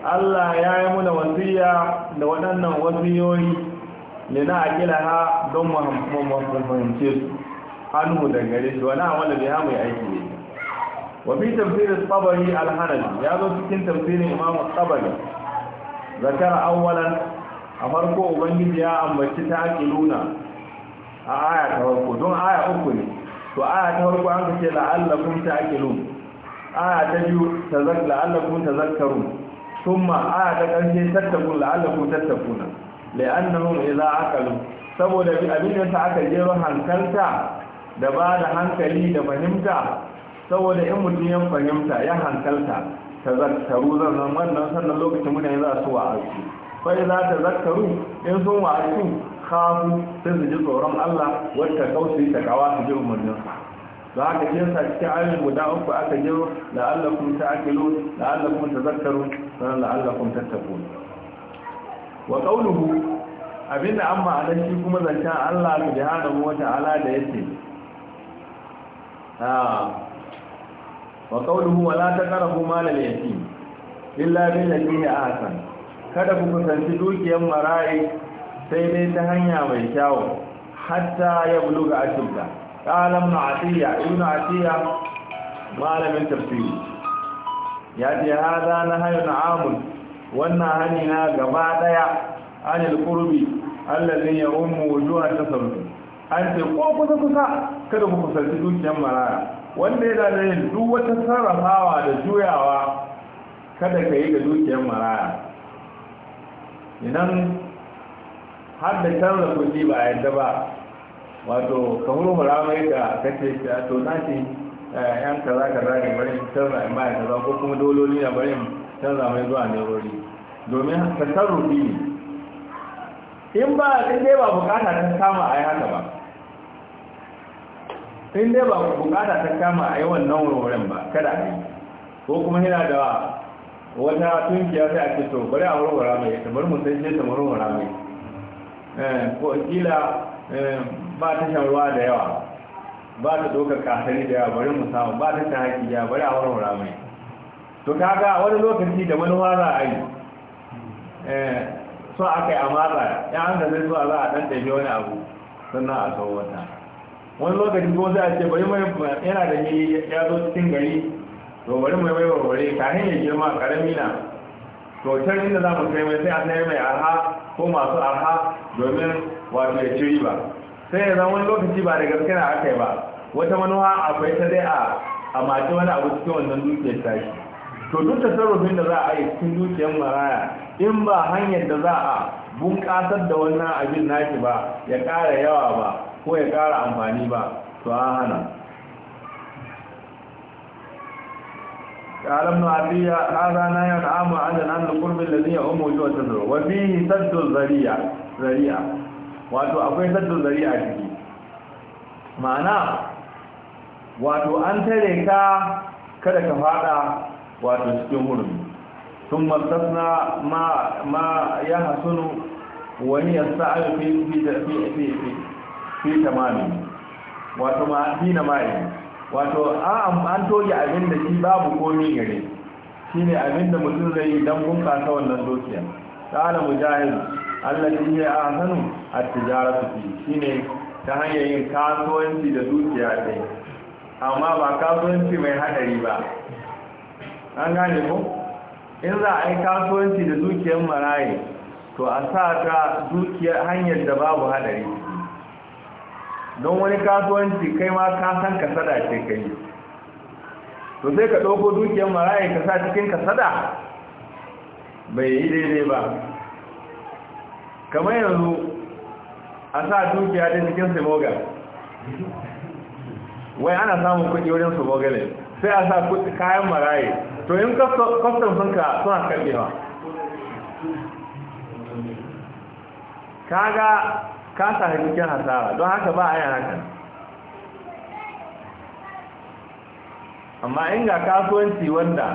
Allah ya yi muna wasiya da waɗannan wasiyoyi da na akila ha don fahimce hannu da gare shi wani amala da ya mai aiki ne wa fi tafsirin tsabari alhanabi ya zo cikin tafsirin imamu tsabari zakar awwalan a farko ubangiji ya ambaci ta luna a aya ta farko don aya uku ne to aya ta farko an la'allakun ta haƙi luna aya ta biyu ta zakarun ثم آت كرشي تتقون لعلكم تتقون لأنهم إذا عقلوا saboda abin da aka jero hankalta da ba hankali da fahimta saboda in mutum ya fahimta ya hankalta ta zakaru zannan wannan sannan lokacin mutane za su wa'azu fai in sun wa'azu kafu tsoron Allah wata kausi ta kawa su za ka jinsa cikin ayoyin guda uku aka jiro la'allakum ta'qilun la'allakum tadhakkarun la'allakum tattaqun wa qawluhu abinda amma anan shi kuma zancen Allah subhanahu wa ta'ala da ya ah wa qawluhu wa la taqrabu mal al-yatim illa billati a ahsan kada ku kusanci dukiyar marayi sai dai ta hanya mai kyau. hatta ya buluga cikin. قال ابن عطية ابن عطية ما لم تفسير يأتي هذا نهي عام والنهينا قبادة عن القرب الذي يؤم وجوه التصرف أنت قوة كسا كده مخصلت دوكيا مرايا wanda yana da yin duk wata sarrafawa da juyawa kada ka yi ga dukiyar maraya idan har da canza kuɗi ba yadda ba wato ka murmura da kace ta to na eh, yan kaza kaza ne bari in tsara mai kaza ko kuma dololi na bari mu canza mai zuwa nerori domin tasarrufi ne in ba in dai ba bukata ta kama a haka ba in dai ba bukata ta kama ai wannan wurin ba kada a yi ko kuma yana da wata tunkiya sai a ce to bari a murmura mai ta bari mu sai ce ta murmura mai eh, ko kila eh, ba ta shan ruwa da yawa ba ta ɗaukar kasari da yawa bari musamman samu ba ta shan haƙi ya bari a wura mai to kaga wani lokaci da manuwa za a yi eh, so aka yi a matsa ya an da zai zuwa za a ɗan ɗaje wani abu sannan a sau wata wani lokaci ko za a ce bari mai yana da ni ya zo cikin gari to bari mai mai warware kafin ya girma karami na to can inda za mu kai mai sai a sayar mai arha ko masu arha domin wato ya ci riba sai ya zama wani lokaci ba da gaske na aka yi ba wata manuwa akwai ta dai a a mace wani abu cikin wannan dukiyar tashi to duk tasarrufin da za a yi cikin dukiyar maraya in ba hanyar da za a bunƙasar da wannan abin nashi ba ya ƙara yawa ba ko ya ƙara amfani ba to an hana قال ابن عطية هذا لا عام عن القرب الذي يؤم وجوه التدعو وفيه سد الذريعة wato akwai saddun zari a ciki ma'ana wato an tare ka kada ka fada wato cikin hurumi sun mastasna ma ya hasunu wani ya sa'ar fi fi tamami wato ma fi na mai wato an toge abin da shi babu komi gare shi ne abin da mutum zai yi don bunƙasa wannan dokiya ta ala mujahid allati hiya a tijara su fi shine ta hanyar yin kasuwanci da dukiya ne, amma ba kasuwanci mai hadari ba an gane ku? in za a yi kasuwanci da dukiyar maraye to a sa ta dukiyar hanyar da babu haɗari. don wani kasuwanci kai ma kasan kasada ce kai to sai ka ɗauko dukiyar maraye ka sa cikin kasada bai yi daidai ba kamar yanzu a sa dukiya ta cikin simoga wai ana samun kuɗi wajen simoga ne sai a sa kayan maraye to yin kwastan sun suna karbewa kaga ka sa cikin hasara don haka ba a yi haka amma in ga kasuwanci wanda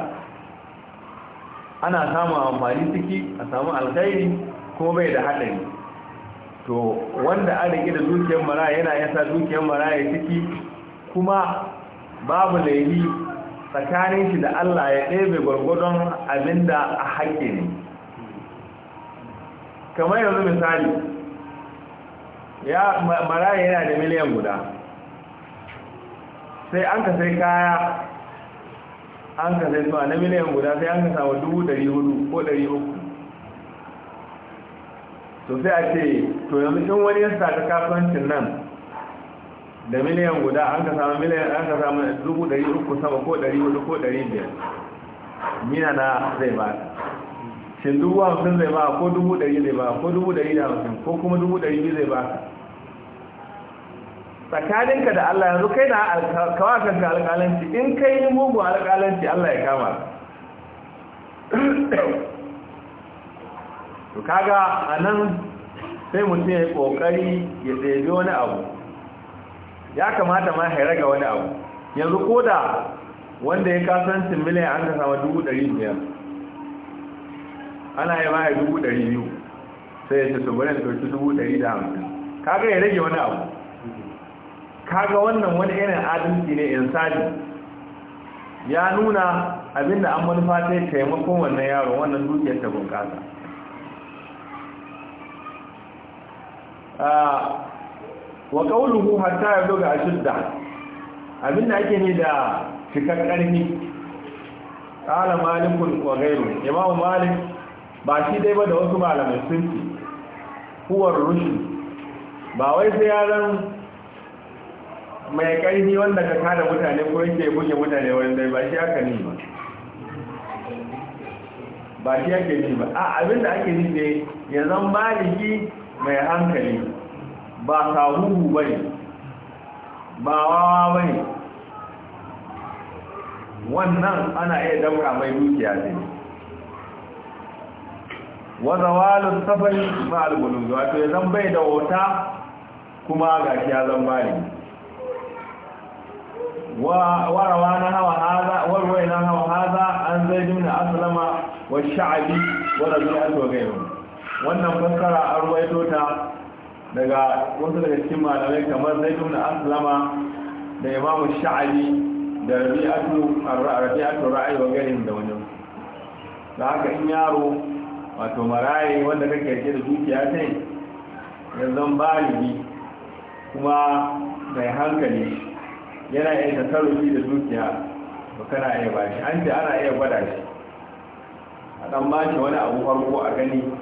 ana samun amfani ciki a samu alkhairi ko bai da haɗari to wanda an rike da dukiyar maraya yana yasa dukiyar maraya ciki kuma babu laifi tsakanin shi da Allah ya ɗebe gwargwadon abin da a haƙe ne kamar yanzu misali ya maraya yana da miliyan guda sai an ka sai kaya an ka sai suwa na miliyan guda sai an ka samu dubu ɗari hudu ko ɗari uku to sai a ce to yanzu in wani ya saka kasuwancin nan da miliyan guda an ka samu miliyan an ka samu dubu ɗari uku sama ko ɗari hudu ko ɗari biyar mina na zai ba shin dubu hamsin zai ba ko dubu ɗari zai ba ko dubu ɗari da hamsin ko kuma dubu ɗari biyu zai ba tsakaninka da Allah yanzu kai na kawakan ka alƙalanci in kai yi mugun alƙalanci Allah ya kama to kaga a nan sai mutum ya yi ƙoƙari ya ɗebi wani abu ya kamata ma ya raga wani abu yanzu ko da wanda ya kasancin miliyan an ka sama dubu ɗari biyar ana yi baya dubu ɗari biyu sai ya ce su bari ɗauki dubu ɗari da kaga ya rage wani abu kaga wannan wani irin adalci ne insani ya nuna abinda an manufa ta taimakon wannan yaro wannan dukiyar ta bunƙasa Ah, wa kauluhu hatta yablugha abin da ake ne da cikar karfi qala malikun wa ghayru imam malik ba shi dai ba da wasu malamai sun ce huwar rushd ba wai sai ya zan mai ƙarfi wanda ka kada mutane ko yake buge mutane wani dai ba shi aka ni ba ba shi ake ni ba a ah, da ake ni ne ya zan maliki mai hankali ba sahuhu ba ne ba wawa ba ne wannan ana iya dauka mai dukiya ne wadda walin safari ba algulun to ya zan bai da wata kuma ga shi ya zan bari warawa na hawa haza warwai na hawa haza an zai jimna asalama wa sha'abi wadda zuwa gairu wannan fassara an ruwaito ta daga wasu daga cikin malamai kamar zai nuna aslama da imamu sha'ani da rabi'atu ra'ayi wa garin da wani da haka in yaro wato maraye wanda kake yake da dukiya ta yi yanzan ni, kuma mai hankali yana iya tattarufi da dukiya ba kana iya ba shi. an ce ana iya gwada shi a ɗan bashi wani abu farko a gani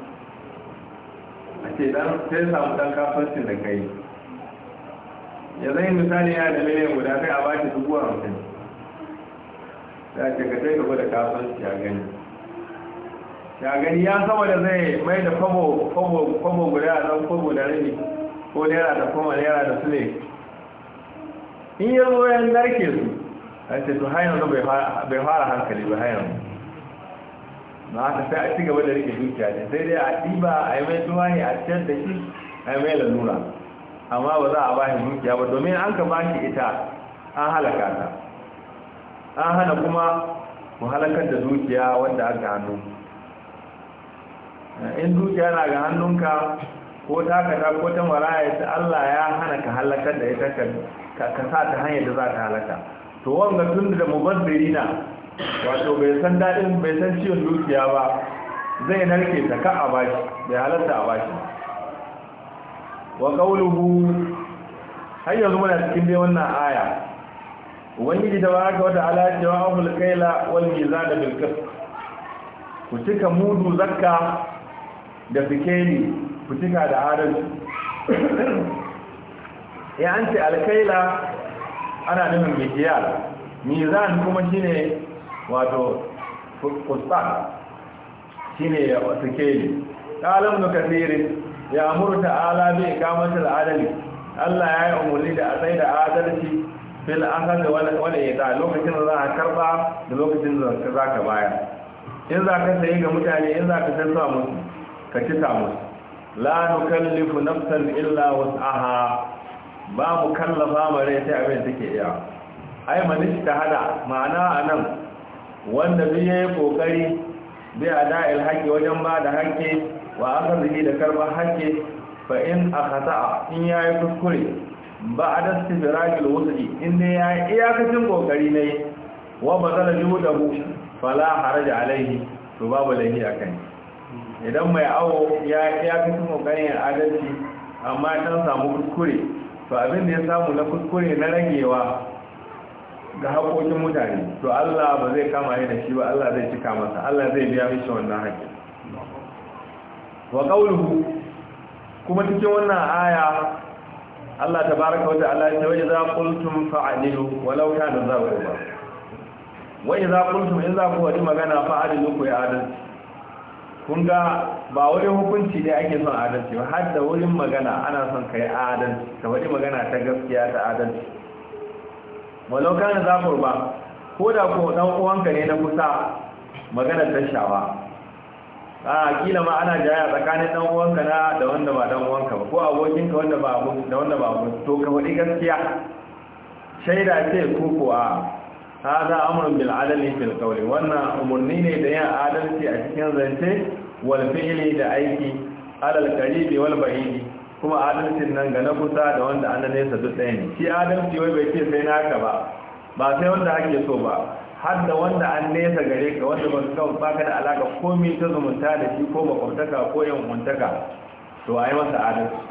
ce dan sai samu dan kasuwancin da kai ya zai misali ya da miliyan guda sai a ba shi dubu hamsin da ce ka sai gaba da kasuwanci a gani ya gani ya sama da zai mai da kwabo guda a nan kwabo da rabi ko naira da kwamo naira da su ne in yi zo yan narke su a ce to hanyar bai fara hankali bai hanyar na haka sai a ci gaba da rike dukiya ne sai dai a ɗiba a yi mai tuwa ne a ciyar da shi a yi mai lalura amma ba za a ba shi dukiya ba domin an ka ba shi ita an halaka ta an hana kuma ku halakar da dukiya wanda aka hannu in dukiya na ga hannunka ko ta kata ko ta maraya ta Allah ya hana ka halakar da ita ka sa ta hanyar da za ta halaka to wanga tun da mubazziri na wato bai san daɗin bai san ciwon dukiya ba zai narke ta ka a bashi bai halatta a bashi wa ƙauluhu har yanzu muna cikin dai wannan aya ubangiji ta baraka wata ala cewa ahul kaila wani za da bilkis ku cika mudu zakka da fikeli ku cika da adalci ya eh, an ce alkaila ana nufin mijiyar mizan kuma shine wato kustan shi ne yi. ƙalin da kasirin ya murta ala bi adali allah ya yi umarni da a tsaye da adalci fil an da wani ita lokacin da za a karba da lokacin da za ka baya in za ka sayi ga mutane in za ka san sa musu ka ci sa musu la nukallifu nafsan illa wasaha ba mu kallafa mare sai abin take iya ai manish ta hada ma'ana anan wanda zai yi ƙoƙari bai a da'il wajen ba da haƙƙi wa aka zai da karɓar haƙƙi fa in a kasa'a in ya yi kuskure ba a dasti firagil in dai ya yi iyakacin ƙoƙari ne wa ba zana jihu da fala haraja alaihi to babu lahi a kai idan mai awo ya yi iyakacin kokari a adalci amma ya samu kuskure to abin da ya samu na kuskure na ragewa da haƙoƙin mutane to Allah ba zai kama yi da shi ba Allah zai cika masa Allah zai biya mishi wannan haƙƙi wa qawluhu kuma cikin wannan aya Allah Ta baraka wata Allah ta waje za qultum fa'alu walau za zawra waje za qultum in za ku wadi magana fa’adilu ku ya adalci kun ga ba wani hukunci ne ake son adalci ba har da wurin magana ana son kai adalci ka wani magana ta gaskiya ta adalci walau kana zafur ba ko da ko dan uwanka ne na kusa maganar shawa? a kila ma ana jaya tsakanin dan uwanka na da wanda ba dan uwanka ba ko abokinka wanda ba da wanda ba abun to ka wadi gaskiya shaida ce ko kuwa? a hada amrun bil adali fil qawli wannan umurni ne da yin adalci a cikin zance wal fi'li da aiki alal qaribi wal ba'idi kuma adalcin nan ga na kusa da wanda an nesa duk ɗaya ne shi adalci wai bai ce sai naka ba ba sai wanda ake so ba har da wanda an nesa gare ka wanda ba su kawo baka da alaka komi ta zumunta da shi ko makwabtaka ko yan uwantaka to a yi masa adalci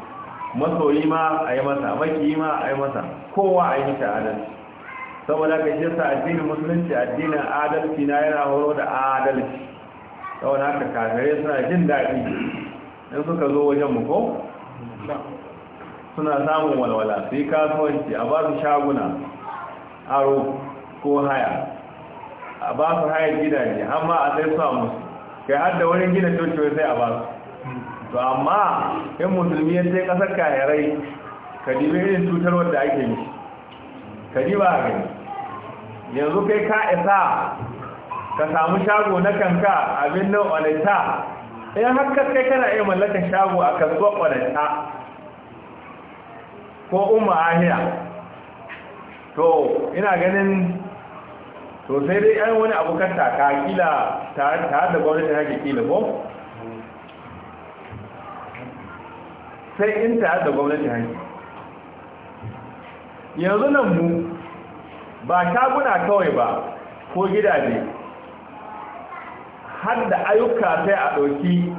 masoyi ma a yi masa maki ma a yi masa kowa a yi masa adalci saboda ka shi sa addinin musulunci addinin adalci na yana horo da adalci saboda haka kafirai suna jin daɗi in suka zo wajen mu ko suna samun walwala su yi kasuwanci a ba su shaguna aro ko haya a ba su haya gidaje amma a sai su a musu kai har da wurin gina cocewa sai a ba su to amma in musulmi ya ce kasar kayarai ka dibe irin cutar wadda ake yi ka diba a gani yanzu kai ka isa ka samu shago na kanka abin nan ta. in haka kai kana iya mallakan shago a kasuwa kwadanta ko umma ahiya to ina ganin to sai dai an wani abokan taka kila ta da gwamnati hake kila ko sai in ta da gwamnati hake yanzu nan mu ba shaguna kawai ba ko gidaje har da ayyuka sai a ɗauki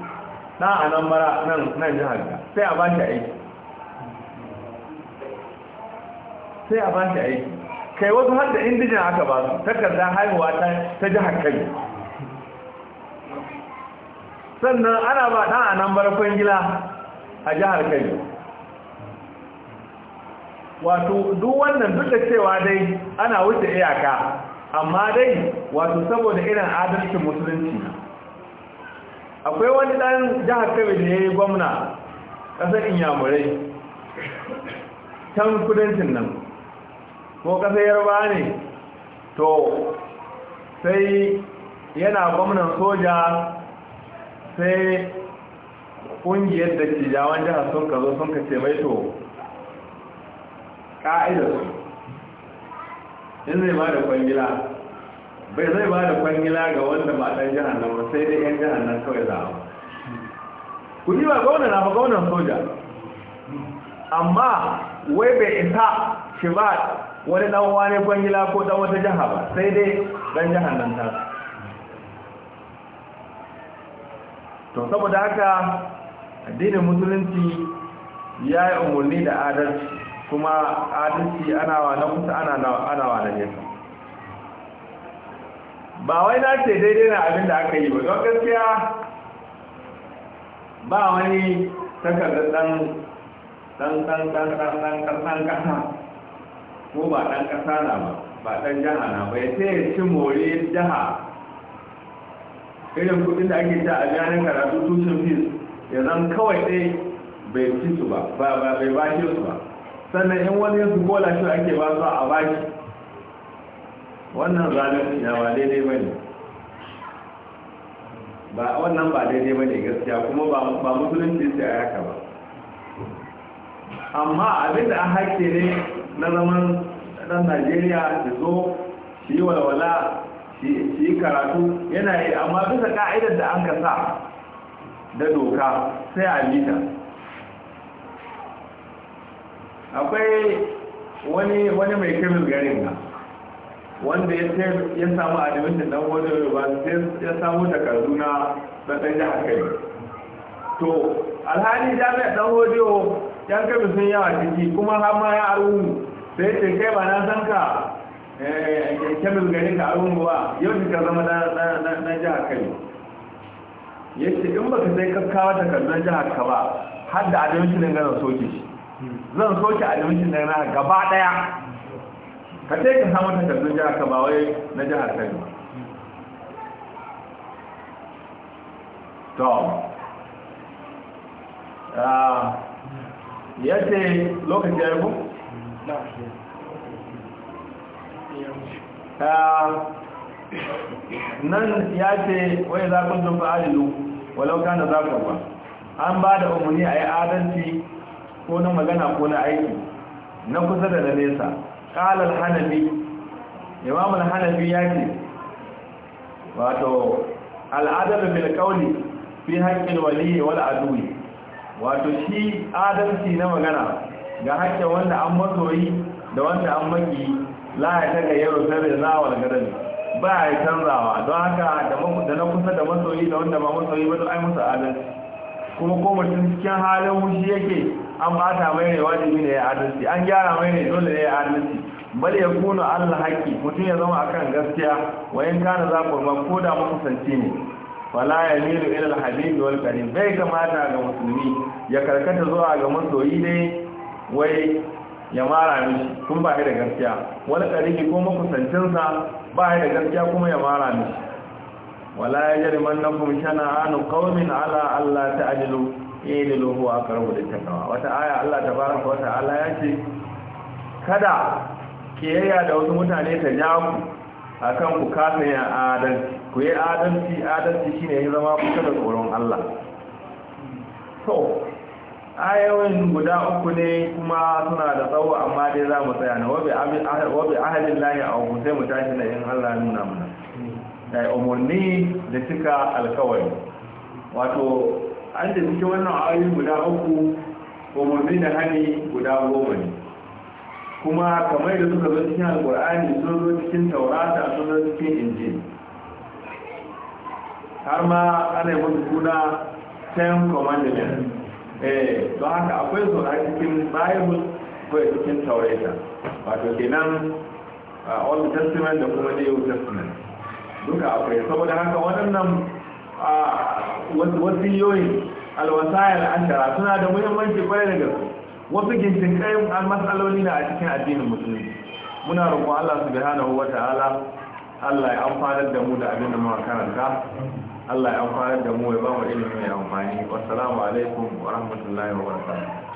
na a nan mara nan nan jihar sai a ba shi aiki sai a ba shi aiki kai wasu har da indijin aka ba su takardar haihuwa ta jihar kai sannan ana ba ɗan a nan barfin kwangila a jihar kai wato duk wannan duk da cewa dai ana wuce iyaka amma dai wato saboda irin adalcin musulunci akwai wani ɗan jihar kawai da ya yi gwamna ƙasar inyamurai can kudancin nan ko ƙasar yarba ne to sai yana gwamnan soja sai ƙungiyar da ke jawon jihar sun ka zo sun ka mai to ƙa'idarsu in zai ba da kwangila bai zai ba da kwangila ga wanda ba ɗan jihar nan ba sai dai yan jihar nan kawai za a ku ji ba gwamna na ba gwamnan soja amma wai bai isa shi ba wani ɗan wani kwangila ko ɗan wata jiha ba sai dai ɗan jihar nan ta to saboda haka addinin musulunci ya yi umarni da adalci kuma adalci ana wa na kusa ana wa na nesa ba wai na ce daidai na abin da aka yi ba don gaskiya ba wani takarda dan dan dan dan dan dan dan kasa ko ba dan kasa na ba ba dan jaha na ba ya ce ya ci more jaha irin kudin da ake ta a biyanin karatu tushen fis ya zan kawai dai bai ci su ba ba bai bashe su ba sannan in wani ya bola shi ake ba su a baki wannan zalim ya ba daidai ba ne ba wannan ba daidai ba ne gaskiya kuma ba musulunci sai a yaka ba amma abin da a haƙƙi ne na zaman ɗan najeriya da zo shi walwala shi karatu yana yi amma bisa ka'idar da an ka sa da doka sai a bita akwai wani wani mai kirin garin na wanda ya samu admission dan wani university ya samu takardu na ɗanɗan jihar kai to alhali jami'ar dan hodiyo yan kabi sun yawa ciki kuma har ma ya arun sai ce kai ba na san ka eh, kemil garin ka arun ba yau ka zama na jihar kai ya ce in ka sai kakkawa takardun jihar ka ba har da adamishin ganin soke shi zan soke admission da na gaba daya ka ce ka samu takardun jihar ka ba wai na jihar kai to ya ce lokaci ya rubu? nan ya ce wani za kun zumfa adilu walau kana za ku ba an ba da umarni a yi adalci ko na magana ko na aiki na kusa da na nesa ƙalar hanabi imamul hanabi ya ce wato al'adar mil kauli fi haƙƙin waliyi wal aduwi wato shi adalci na magana ga haƙƙin wanda an masoyi da wanda an maki la ya taga yaro sai za wal gadan ba yi canzawa don haka da na kusa da masoyi da wanda ba masoyi ba don ai musu adalci kuma ko mutum cikin halin wushi yake an bata mai ne wajibi da ya adalci an gyara mai ne dole da ya adalci bal ya kuna allah haƙƙi mutum ya zama akan gaskiya wayan kana za ku kurba ko da makusanci ne fala ya milu ila alhabibi wal karim bai kamata ga musulmi ya karkata zuwa ga masoyi ne wai ya mara mishi kun ba da gaskiya wani kariki ko makusancinsa ba da gaskiya kuma ya mara mishi wala yajrimannakum shana'anu qaumin ala alla ta'dilu idilu huwa aqrabu littaqwa wata aya Allah tabaraka wa ta'ala yace kada kiyayya da wasu mutane ta ja ku akan ku kasa adalci ku yi adalci adalci shine yin zama kusa da tsoron Allah to ayoyin guda uku ne kuma suna da tsawo amma dai za mu tsaya na wabi ahalillahi a sai mu tashi na yin Allah nuna mana dai umarni da cika alkawari wato an da cikin wannan ayoyi guda uku umarni da hani guda goma ne kuma kamar da suka zo cikin alkur'ani sun zo cikin taurata sun zo cikin injil har ma ana yi musu kuna ten commandments eh don haka akwai su a cikin bible ko a cikin taurata wato kenan a old testament da kuma new testament duka akwai saboda haka waɗannan wasiliyoyin alwasayar ashara suna da muhimmanci kwarai daga wasu gincin kayan matsaloli na a cikin addinin musulmi muna roƙon Allah subhanahu wata'ala Allah ya amfanar da mu da abin da muka karanta Allah ya amfanar da mu ya ba mu ilimi mai amfani wassalamu alaikum wa rahmatullahi wa barakatuh